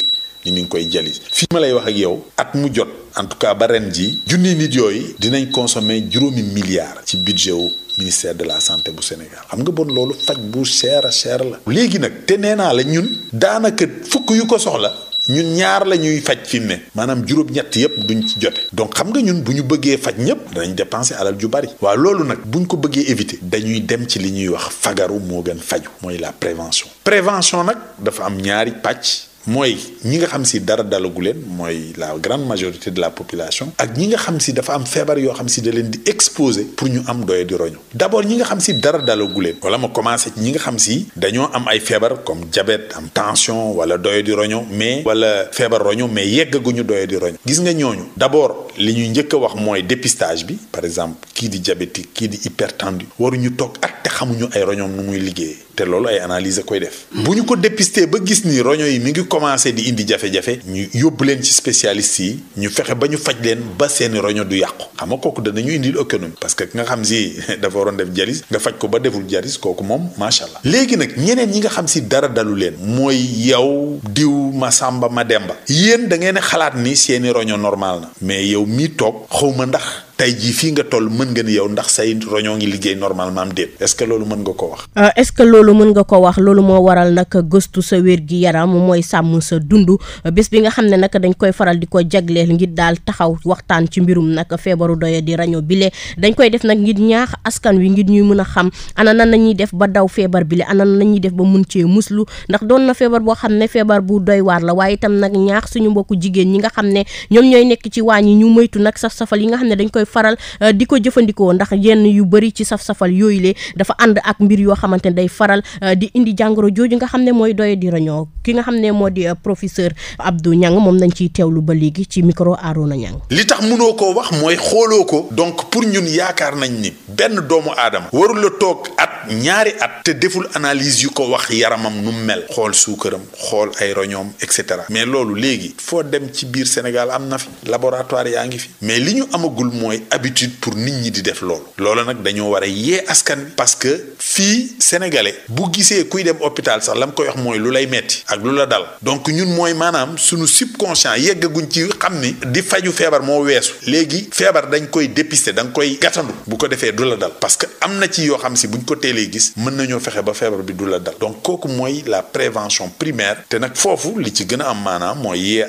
ni ñu ngi koy jalis fii ma lay wax ak yow at mu jot en tout cas ba ren ji junni nit yooyu dinañ consommer juróomi milliards ci budget wu ministère de la santé bu Sénégal xam nga bon loolu faj bu cher a cher la léegi nag te nee naa la ñun daanaka fukk yu ko soxla ñun ñaar la ñuy faj fi mu maanaam juróom-ñett yëpp duñ ci jote donc xam nga ñun bu ñu bëggee faj ñëpp danañ dépenser alal ju bari waaw loolu nag buñ ko bëggee éviter dañuy dem ci li ñuy wax fagaru moo gën faju mooy la prévention prévention nag dafa am ñaari pàcc mooy ñi nga xam si dara dalagu leen mooy la grande majorité de la population ak ñi nga xam si dafa am feebar yoo xam si da leen di exposé pour ñu am doye di roño d'abord ñi nga xam si dara dalagu leen wala ma commencé ñi nga xam si dañoo am ay feebar comme diabète am tension wala doye di roño mais wala feebar roño mais yeggaguñu doye di roño gis nga ñooñu d'abord li ñu njëkk a wax mooy dépistage bi par exemple kii di diabétique kii di hypertendu waruñu toog ak xamuñu ay roñoom nu muy liggéeyee te loolu ay analyse koy def. bu ñu ko dépister ba gis ni roño yi mi ngi commencé di indi jafe-jafe. ñu yóbbu leen ci spécialiste yi ñu fexe ba ñu faj leen ba seeni roño du yàqu xam nga kooku danañu indil économie parce que nga xam si dafa waroon def jalis nga faj ko ba deful jalis kooku moom macha allah. léegi nag ñeneen ñi nga xam si dara dalu leen mooy yow diw ma sàmba Masamba Mademba yéen da ngeen xalaat ni seeni roño normal na mais yow mii toog xaw ma ndax. tey jii fii nga toll mën nga ni yow ndax say roñoo ngi liggéey normalement am déet est-ce que loolu mën nga ko wax. Euh, est-ce que loolu mën nga ko wax loolu moo waral nag gëstu sa wér gi yaram mooy sàmm sa dund euh, bés bi nga xam ne nag dañ koy faral di ko jagleel ngir daal taxaw waxtaan ci mbirum nag feebaru doya di raño bile dañ koy def nag ngir ñaax askan wi ngir ñuy mën a xam ana nan la ñuy def ba daw feebar bile ana nan la ñuy def ba mun cee muslu ndax doon na feebar boo xam ne feebar bu doy waar la waaye itam nag ñaax suñu mbokku jigéen ñi nga xam ne ñoom ñooy nekk ci waañ yi ñu moytu nag saf safal yi nga xam ne dañ koy faral euh, di ko jëfandikoo ndax yenn yu bëri ci saf-safal yooyu le dafa ànd ak mbir yoo xamante ne day faral euh, di indi jàngoro jooju nga xam ne mooy doye di rañoo ki nga xam ne moo di euh, professeur Abdou Niang moom nañ ciy teewlu ba léegi ci micro Arona Niang li tax mënoo koo wax mooy xooloo ko donc pour ñun yaakaar nañ ni benn doomu aadama warul la toog at ñaari at deful analyse yu ko wax yaramam nu mel xool suukaram xool ay et cetera mais loolu léegi foo dem ci biir Sénégal am na fi laboratoire yaa ngi fi mais li ñu amagul mooy mooy habitude pour nit ñi di def lool loolu nag dañoo war a yee askan bi parce que fii sénégalais bu gisee kuy dem hôpital sax la mu koy wax mooy lu lay metti ak lu la dal donc ñun mooy maanaam suñu subconscient yeggaguñ ci xam ni di faju feebar moo weesu léegi feebar dañ koy dépister danga koy gàttandu bu ko defee du la dal parce que am na ci yoo xam si buñ ko teelee gis mën nañoo fexe ba feebar bi du la dal donc kooku mooy la prévention primaire te nag foofu li ci gën a am maanaam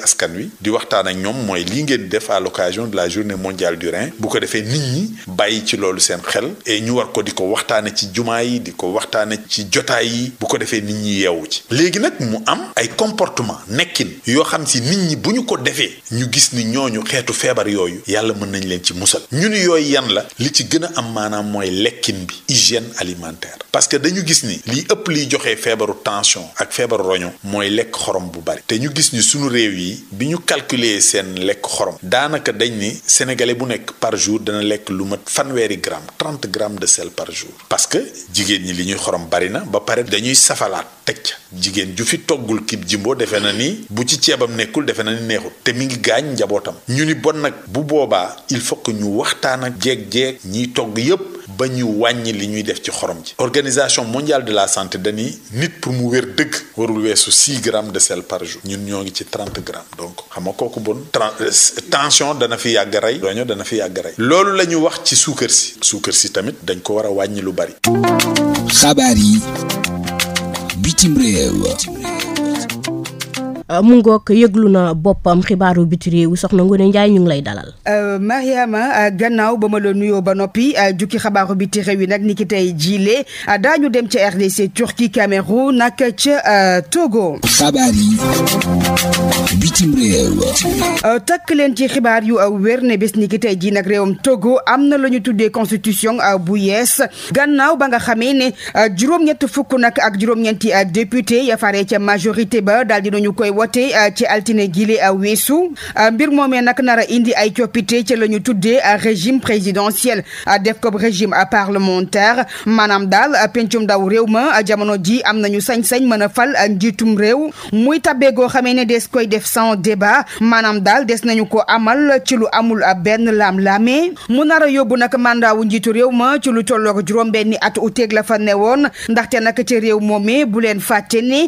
askan wi di waxtaan ak ñoom mooy lii ngeen def à l'occasion la journée mondiale du bu ko defee nit ñi bàyyi ci loolu seen xel et ñu war ko di ko waxtaane ci jumaa yi di ko waxtaane ci jotaay yi bu ko defee nit ñi yeewu ci léegi nag mu am ay comportement nekkin yoo xam si nit ñi bu ñu ko defee ñu gis ni ñooñu xeetu feebar yooyu yàlla mën nañ leen ci musal ñu ni yooyu yan la li ci gën a am maanaam mooy lekkin bi hygiène alimentaire parce que dañu gis ni liy ëpp liy joxee feebaru tension ak feebaru roño mooy lekk xorom bu bari te ñu gis ni sunu réew yi bi ñu calculer seen lekk xorom daanaka dañ ni nekk par jour dana lekk lu mat fanweeri gramme 30 grammes de sel par jour parce que jigéen ñi li ñuy xorom bari na ba pare dañuy safalaat teg ca jigéen ju fi toggul kib jimbo defe na ni bu ci ceebam nekkul defe na ni neexut te mi ngi gaañ njabootam ñu ni bon nag bu boobaa il faut que ñu waxtaan ak jeeg-jeeg ñiy togg yépp ba ñu wàññi li ñuy def ci xorom ji organisation mondial de la santé dañuy nit pour mu wér dëgg warul weesu 6 grammes de sel par jour ñun ñoo ngi ci 30 grammes donc xam nga kooku bon euh, tension dana fi yàgg rey dooño dana fi yàgg rey loolu la ñu wax ci suukar si suukar si tamit dañ ko war a wàññi lu bari xabaar yi bitim réew Euh, mu ngoog yëglu na boppam xibaaru biti réew soxna Ngoné Ndiaye ñu ngi lay dalal. Euh, Mariama euh, gannaaw ba ma la nuyoo ba noppi jukki xabaaru biti réew yi nag ni ki tey jiile daañu dem ca RDC Turquie Cameroun nag ca Togo. xabaar yi bitim leen ci xibaar yu wér ne bés ni ki tey jii nag réewam Togo am na la ñu tuddee constitution bu yees gannaaw ba nga xamee ne juróom-ñett fukk nag ak juróom-ñeenti député ya ca majorité ba daal nañu koy. wote euh, ci altine gile euh, weesu euh, mbir moomee nag nar a indi ay coppite ci la ñu tuddee régime présidentiel def ko régime parlementaire maanaam daal pencum ndaw réew ma jamono ji am nañu sañ-sañ mën a fal njiitum réew muy tabbee goo xamee ne des koy def sans débat maanaam daal des nañu ko amal ci lu amul a benn laam-laamee mu nar a yóbbu nag mandat wu njiitu réew ma ci lu tolloog juróom-benni at uteeg la fa newoon ndaxte nag ci réew moomee bu leen fàtte ne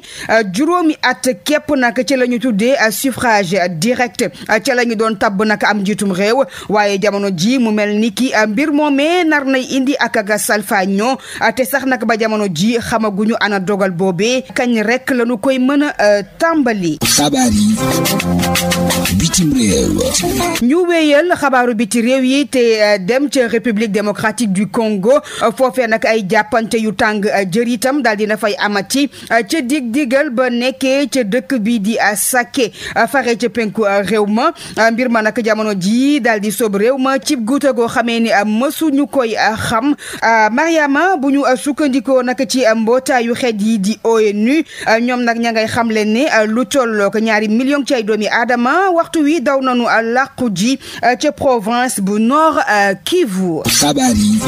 juróomi at képp nag nag ci la ñu tuddee euh, suffrage direct euh, ca la ñu doon tabb nag am njiitum réew waaye jamono ji mu mel ni ki euh, mbir moomee nar nay indi ak ak salfaañoo te sax nag ba jamono ji xamaguñu ana dogal boobee kañ rek lañu koy mën a tàmbali. xabaar yi bitim réew. ñu biti réew yi te dem ca république démocratique du Congo foofee nag ay jàppante yu tàng jër itam daal dina fay amati ca dig ba nekkee ca dëkk bi di sàkke fare ca penku réew ma mbir ma nak jamono ji daal di soob réew ma ci guuta goo xamee ni mësuñu koy xam Mariama bu ñu sukkandikoo nag ci mbootaayu xeet yi di ONU ñoom nag ña ngay xam leen ne lu tolloo ko ñaari million ci ay doomi aadama waxtu wi daw nañu laqu ji ca province bu Nord Kivu. xabaar yi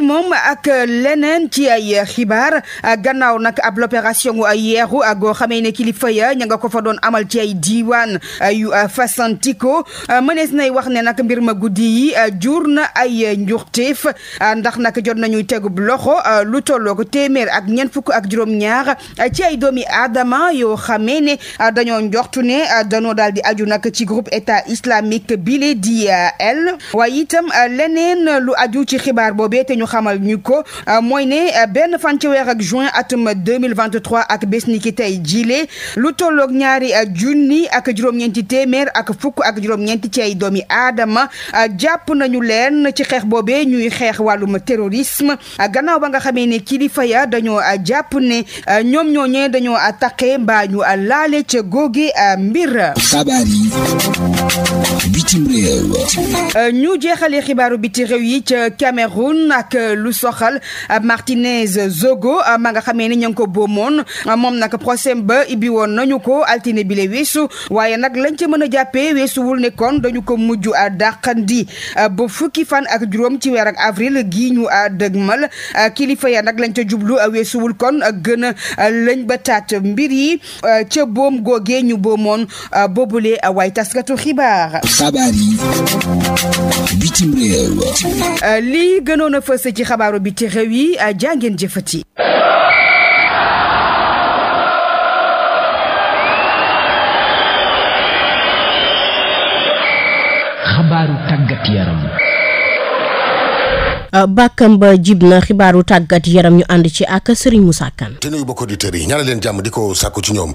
moom ak leneen ci ay xibaar gannaaw nag ab l'opération yeeru goo xamee ne kilifa ya ña nga ko fa doon amal ci ay diiwaan yu fasantikoo euh, mënees nay wax ne nag mbir ma guddi yi euh, jur na ay njuxteef euh, ndax nag jot nañu tegu loxo lu tolloo ko téeméer ak ñeent fukk ak juróom-ñaar ci ay doomi aadama yoo xamee ne dañoo njoxtu ne dañoo daal di aju nag ci groupe état islamique bile di el waaye itam leneen lu aju ci xibaar boobee te ñu xamal ñu ko mooy ne benn fan ci ak juin atum 2023 ak bés ni ki tey jile lu tolloog ñaari eh, junni ak juróom-ñeenti téeméer ak fukk ak juróom-ñeenti ci ay doomi aadama eh, jàpp nañu leen ci xeex boobe ñuy xeex wàllum terrorisme eh, gannaaw ba nga xamee ne kilifa ya dañoo jàpp ne ñoom ñooñee dañoo taqee mbaa ñu laale ca googe mbir. xabaar yi. bitim réew euh, ñu jeexale xibaaru biti réew yi ca Cameroun ak euh, lu soxal euh, Martinez Zogo ma nga xamee ni ñu ngi ko boomoon moom nag procès ba ibbi woon nañu ko altine bi le weesu waaye nag lañ ca mën a jàppee weesuwul ne kon dañu ko mujj a dàqandi ba fukki fan ak juróom ci weer ak avril gii ñu dëgmal kilifa ya nag lañ ca jublu weesuwul kon gën a lañ ba mbir yi ca boom googee ñu boomoon boobule waay taskatu xibaar xabaar euh, gënoon a fës ci xabaaru biti réew yi euh, jàngeen jëfati. xabaaru tàggat Euh, bàkkam ba jib na xibaaru tàggat yaram ñu ànd ci ak Serigne Moussa Kane te nuyu bokk auditeurs yi ñaanal leen jàmm di ko sàkku ci ñoom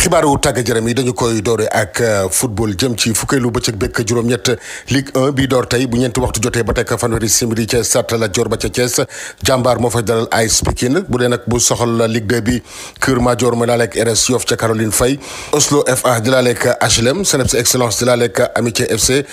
xibaaru tàggat yaram yi dañu koy doore ak euh, football jëm ci fukkeelu bëccëg bekk juróom-ñett Ligue 1 bi door tey bu ñeenti waxtu jotee ba tekk fanweeri simili ca Stade Lat Dior ba ca Thiès jàmbaar moo fa dalal AS Pikine bu dee nag bu soxal Ligue 2 bi Kër Madior mooy laaleeg RS Yoff ca Caroline Faye Oslo FA di laaleeg HLM CNEPS Excellence di laaleeg Amitié FC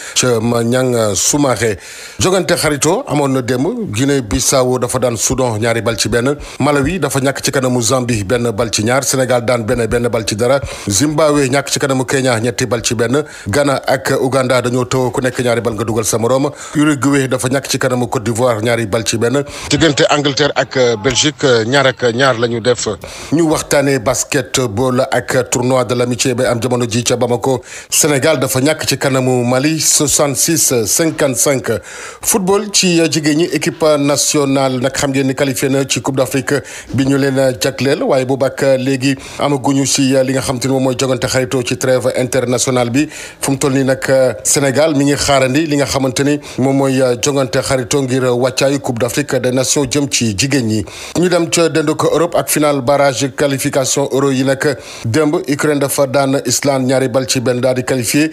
amoon na démb làmb Guinée Bissau dafa daan Soudan ñaari bal ci benn Malawi dafa ñàkk ci kanamu Zambie benn bal ci ñaar Sénégal daan benn benn bal ci dara Zimbabwe ñàkk ci kanamu Kenya ñetti bal ci benn Ghana ak Uganda dañoo tëw ku nekk ñaari bal nga dugal sa morom Uruguay dafa ñàkk ci kanamu Côte d'Ivoire ñaari bal ci benn diggante Angleterre ak Belgique ñaar ak ñaar la ñu def ñu waxtaanee basketball ak tournoi de l'amitié ba am jamono ji ca Bamako Sénégal dafa ñàkk ci kanamu Mali 66 55 football ci jigéen ñi équipe nationale nag xam ngeen ni qualifié na ci Coupe d'Afrique bi ñu leen jagleel waaye bu baax léegi amaguñu si li nga xam te moom mooy jogante xaritoo ci trêve internationale bi fu mu toll nii nag Sénégal mi ngi xaarandi li nga xamante ni moom mooy jongante xaritoo ngir wàccaayu Coupe d'Afrique des Nations jëm ci jigéen ñi. ñu dem ca denduk Europe ak final barrage qualification euro yi nag démb Ukraine dafa daan Islande ñaari bal ci benn daal di qualifié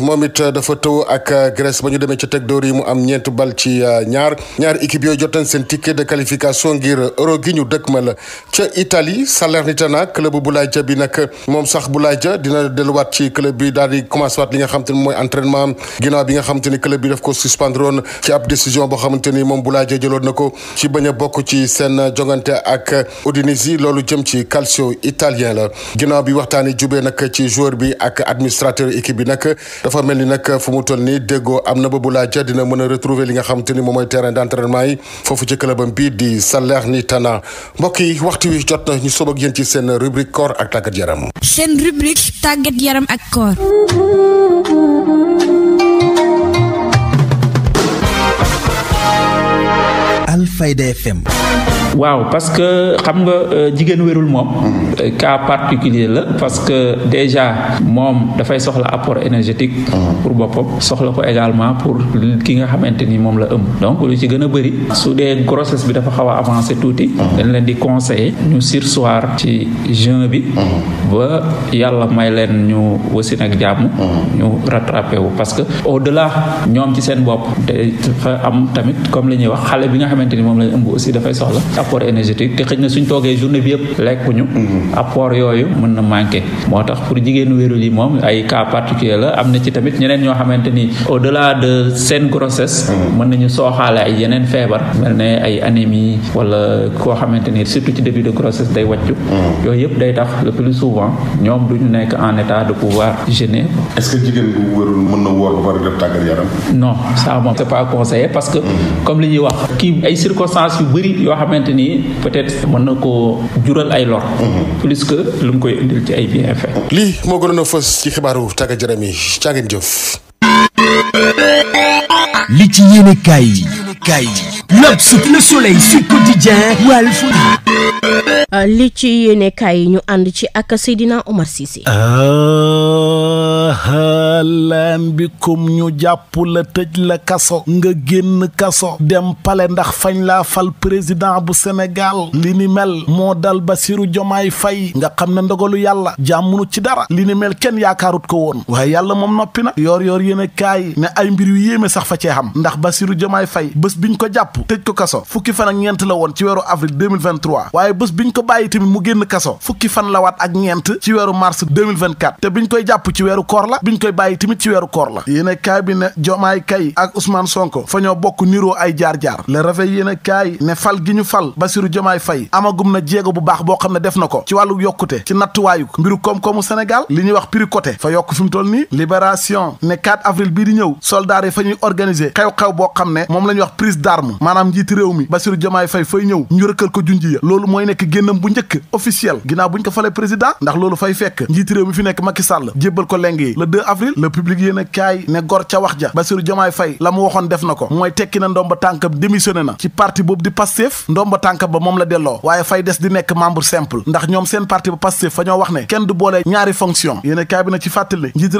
moom it dafa tëw ak Grèce ba ñu demee ca teg yi mu am ñeent bal ci. ñaar ñaar équipe yooyu jot seen ticket de qualification ngir euro gi ñu dëkkmal ca Italie Salernitana club Boulaye Dia bi nag moom sax Boulaye Dia dina delluwaat ci club bi daal di commencé waat li nga xam te ni mooy entraînement ginnaaw bi nga xam te ni club ko suspendre woon ci ab décision boo xamante ni moom Boulaye Dia jëloon na ko ci bañ a bokk ci seen jongante ak Udinese loolu jëm ci calcio italien la ginnaaw bi waxtaani jubee nag ci joueur bi ak administrateur équipe bi nag dafa mel ni nag fu mu toll nii déggoo am na ba Boulaye Dia dina mën a li nga xam ni moom mooy terrain d'entraînement yi foofu ci clubam bii di Salernitana mbokk yi waxtu wi jot na ñu sóob ak yéen ci seen rubrique corps ak tàggat yaram. seen rubrique tàggat yaram ak corps. waaw parce que xam nga euh, jigéen wérul moom. Mm-hmm. Euh, cas particulier la parce que déjà moom dafay soxla apport énergétique. Mm-hmm. pour boppam soxla ko également pour ki nga xamante ni moom la ëmb. donc lu ci gën a bëri su dee grossesse bi dafa xaw a avancé tuuti. Mm-hmm. dañ leen di conseiller ñu surseoir ci jeûne bi. ba yàlla may leen ñu wasin ak jàmm. ñu rattrapé wu parce que au delà ñoom ci seen bopp te dafa am tamit comme li ñuy wax xale bi nga xamante ni moom la ñu aussi dafay soxla. apport énergétique te xëy na suñ toogee journée bi yëpp lekkuñu mm-hmm. apport yooyu mën na manqué moo tax pour jigéenu wérul yi moom ay cas particulier la am na ci tamit ñeneen ñoo xamante ni au delà de seen grossesse mm-hmm. mën nañu sooxaale ay yeneen feebar mel ne ay anémie wala koo xamante ni surtout ci début de grossesse day wàccu mm-hmm. yooyu yëpp day tax le plus souvent ñoom duñu nekk en état de pouvoir gêner est-ce que jigéen bu wérul mën na woor ba pare def yoo xamante ni peut-être mën na koo jural ay lor. Mhm. plus que lu mu koy indil ci ay bienfait. lii moo gënoon a fës ci xibaaru tàggat yaram yi caa ngeen jëf. li ci yéene yi. yéenekaay yi L'Obs, li ci yéenekaay yi ñu ànd ci ak Seydina Omar Cissé ah, lan bi kum ñu jàpp la tëj la kaso nga génn kaso dem pale ndax fañ laa fal président bu Sénégal li ni mel moo dal Basiru Jomaay Fay nga xam ne ndogalu yàlla jàmmunu ci dara li ni mel kenn yaakaarut ko woon waaye yàlla moom noppi na yoor yoor yéen a kaay ne ay mbir yu yéeme sax fa cee xam ndax Basiru Jomaay Fay bés biñ ko jàpp tëj ko kaso fukki fan ak ñeent la woon ci weeru avril 2023 waaye bés biñ ko bàyyi tamit mu génn kaso fukki fan la waat ak ñeent ci weeru mars 2024 te biñ koy jàpp ci weeru koor la biñ koy bàyyi tamit ci weeru koor la yéen a kaay bi ne Jomaay Kay ak Ousmane Sonko fa ñoo bokk niroo ay jaar-jaar le rafet yéen a kaay ne fal gi ñu fal Basiru Jomaay Fay amagum na jéego bu baax boo xam ne def na ko ci wàllu yokkute ci nattuwaayu mbiru koom-koomu Sénégal li ñuy wax prix côté fa yokk fi mu toll nii libération ne 4 avril bii di ñëw soldaar yi fa ñuy organiser xew boo xam ne moom la ñuy prise d'arme maanaam njiiti réew mi Bassirou Diomaye Faye fay ñëw ñu rëkkal ko junj ya loolu mooy nekk génnam bu njëkk officiel ginnaaw buñ ko falee président ndax loolu fay fekk njiiti mi fi nekk Macky Sall jébbal ko leng yi le 2 avril le public a kaay ne gor ca wax ja Bassirou Diomaye Faye la mu waxoon def na ko mooy tekki na ndomba tànkam démissionné na ci parti boobu di Pastef ndomba tànkam ba moom la delloo waaye fay des di nekk membre simple ndax ñoom seen parti ba Pastef a kaay bi na ci fàttali njiiti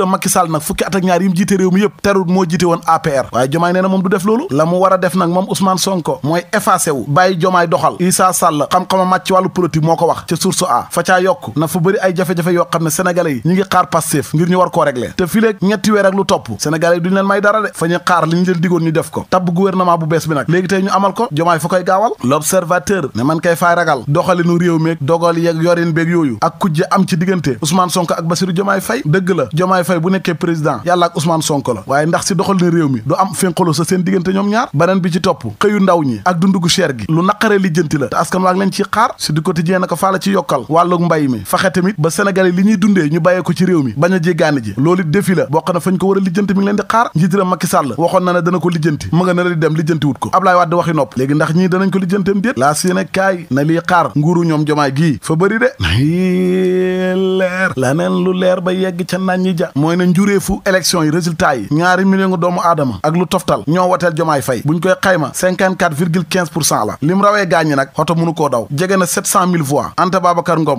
def nag moom Ousmane Sonko mooy effacé wu bàyyi jomaay doxal Issa Sall xam-xama màcc ci wàllu politique moo ko wax ca source a fa caa yokk na fa bëri ay jafe-jafe yoo xam ne sénégalais yi ñi ngi xaar Pastef ngir ñu war koo régler te fileeg ñetti weer ak lu topp sénégalais yi duñu leen may dara de fa ñu xaar li ñu leen digoon ñu def ko tabb gouvernement bu bees bi nag léegi tey ñu amal ko jomaay fa koy gaawal l'observateur ne man kay faay ragal doxalinu réew meeg dogal yeeg yorin beeg yooyu ak kujje am ci diggante Ousmane Sonko ak Bassirou Jomaay Fay dëgg la Jomaay Fay bu nekkee président yàlla ak Ousmane Sonko waaye ndax si doxalinu réew mi du am fénqaloo sa seen diggante ñoom beneen bi ci topp xëyu ndaw ñi ak dundu gu cher gi lu naqare li la te askan waa ngi leen ciy xaar su di quotidien na ko faala ci yokkal wàllug mbay mi faxe tamit ba sénégalais li ñuy dundee ñu bàyyee ko ci réew mi bañ a jéggaani ji loolu défi la bokk na fañ ko war a lijjanti mi ngi leen di xaar njiitiram Macky Sall waxoon na ne dana ko lijjanti ma nga la di dem lijjanti wut ko Ablaye Wade waxi nopp léegi ndax ñii danañ ko lijjanteem déet laa si ne kaay na lii lu leer ba yegg ca naan ñi ja mooy ne njureefu élection yi résultat yi ñaari million doomu aadama ak lu toftal ñoo wateel jomaay fay buñ koy xayma 54 virgule 15 pour cent la lim rawee gaañ ñi nag xoto mënu daw jege na 700 000 voix Anta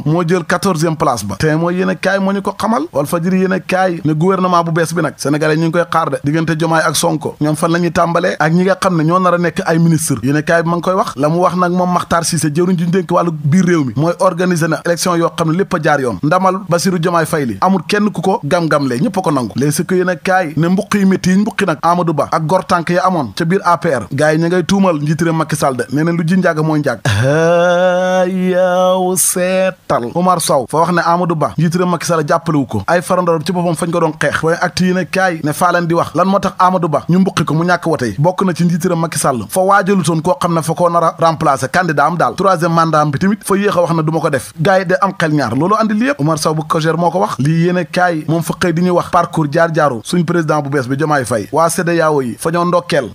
moo jël 14 ba te mooy moo ñu ko xamal Walf Fadjri yéen a ne gouvernement bu bees bi nag sénégalais ñu koy xaar de diggante Jomaay ak Sonko ñoom fan la tàmbalee ak ñi xam ne ñoo nar a nekk ay ministre yéen bi ma koy wax la mu wax nag moom Makhtar Cissé jëwriñ ju dénk wàllu biir réew mi mooy organiser na élection yoo xam ne lépp jaar yoon ndamal Ba APR gars yi ñu ngay tuumal njiit réew Macky Sall de nee na lu ji njàgg mooy njàgg yaw seetal Omar Sow fa wax ne Amadou Ba njiit réew Macky Sall jàppalewu ko ay farandoro ci boppam fañ ko doon xeex waaye acte yi ne kaay ne faa di wax lan moo tax Amadou Ba ñu mbuqi ko mu ñàkk wote bokk na ci njiit réew Macky Sall fa waajalutoon koo xam ne fa koo nar a remplacer daal troisième mandat bi tamit fa yéex a wax ne du ma ko def gars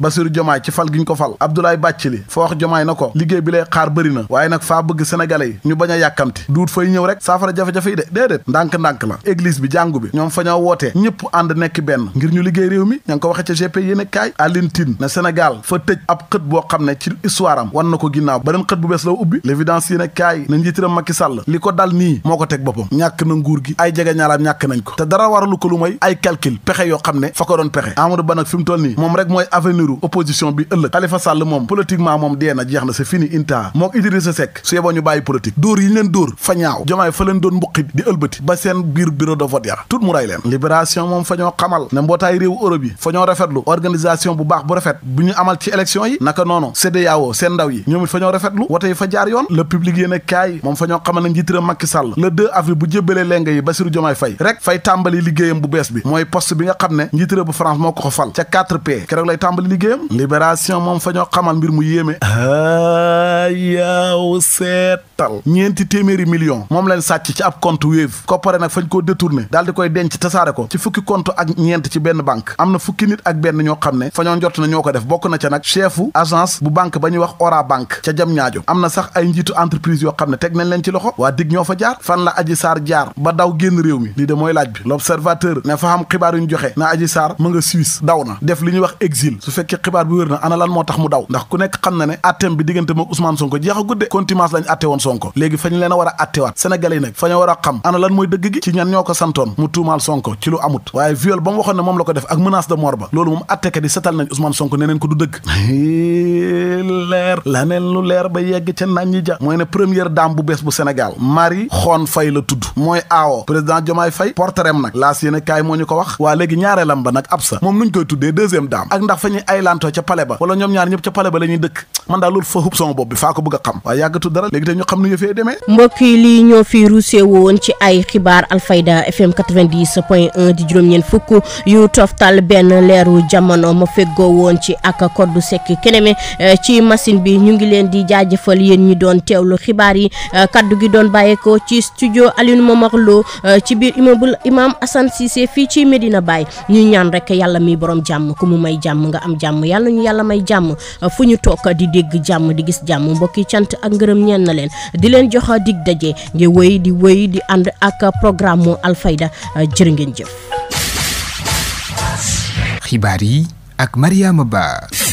bi ci fal gi ñu ko fal Abdoulaye Bathily fa wax jomaay na ko liggéey bi lay xaar bëri na waaye nag faa bëgg sénégalais yi ñu bañ a yàkkamti duut fay ñëw rek saafara jafe-jafe yi de déedéet ndànk-ndànk la églis bi jàngu bi ñoom fa ñoo wootee ñëpp ànd nekk benn ngir ñu liggéey réew mi ña ngi ko waxee ca GP yéen kaay Alioune Tine ne fa tëj ab xët boo xam ne ci histoire am na ko ginnaaw beneen xët bu bees la ubbi l'évidence yéen kaay na njiitiram Macky Sall li ko dal nii moo ko teg boppam ñàkk na nguur gi ay jege ñaalaam ñàkk nañ ko te dara waralu ko lu may ay calcul pexe yoo xam ne fa ko pexe Amadou fi mu toll nii moom rek mooy avenir opposition élection bi ëllëg Khalifa Sall moom politiquement moom dee na jeex na c'est fini intaa mook Idrissa Seck su yeboo ñu bàyyi politique dóor yi leen dóor fa ñaaw jomaay fa leen doon mbuqi di ëlbati ba seen biir bureau de vote ya tut mu ray leen libération moom fa ñoo xamal ne mbootaay réewu Europe yi fa ñoo rafetlu organisation bu baax bu rafet bu ñu amal ci élection yi naka noonu CEDEAO seen ndaw yi ñoom fa ñoo rafetlu wote yi fa jaar yoon le public yéen a ne njiitiram libération moom fa ñoo xamal mbir mu yéeme a yaaw seetal ñeenti téeméeri million moom leen sàcc ci ab compte Wave koppare nag fañ koo détourné daal di koy denc tasaare ko ci fukki compte ak ñeent ci benn banque am na fukki nit ak benn ñoo xam ne fa ñoo njort na ñoo ko def bokk na ca nag chefu agence bu banque ba ñuy wax Ora banque ca jam ñaajo am na sax ay njiitu entreprise yoo xam ne teg nañ leen ci loxo waa dig ñoo fa jaar fan la Adji Sarr jaar ba daw génn réew mi lii de mooy laaj bi l'observateur ne fa xam xibaar yu ñu joxe na Adji mu nga Suisse daw na def li ñuy wax exil na ana lan moo tax mu daw ndax ku nekk xam na ne atteem bi diggante mook Ousmane Sonko jeexa gudde contumace lañ atte woon Sonko léegi fañ leen a war a attewaat sénégalais yi nag fañu war a xam ana mooy dëgg gi ci ñan ñoo ko santoon mu tuumaal Sonko ci lu amut waaye viol ba mu waxoon ne moom la ko def ak menace de ba loolu moom attekat yi setal nañ Ousmane Sonko ne neen ko du dëgg leer la neen lu leer ba yegg ca nañ ñi mooy ne première dame bu bees bu Sénégal Marie la tudd mooy aawo président Diomaye Faye portrait nag laas yéene moo ñu ko wax waa léegi ñaareelam ba nag Absa moom nuñ koy tuddee deuxième pale ba wala ñoom ñaar ñëpp ca pale ba la ñuy dëkk man daal loolu fa xub bopp bi faa ko bëgg a xam waaye yàggatu dara léegi te ñu xam nu yëfee demee mbokk yi lii ñoo fi ruusee woon ci ay xibaar Alfayda FM 90 point 1 di juróom-ñeent fukk yu toftal benn leeru jamono ma fegoo woon ci ak koddu sekk keneme eh, ci machine bi ñu ngi leen di jaajëfal yéen ñi doon lu xibaar yi eh, kaddu gi doon bàyyeekoo ci studio Alioune Momar Lo eh, ci biir immeuble Imam Assane fii ci Medina Baye ñuy ñaan mi borom jàmm mu may jàmm am jàmm la may jàmm fu ñu toog di dégg jàmm di gis jàmm mbokki cant ak ngërëm ñeen na leen di leen jox dig daje ngi wéy di wéy di ànd ak programme mu Alfayda jërë ngeen xibaar yi ak Mariama Ba.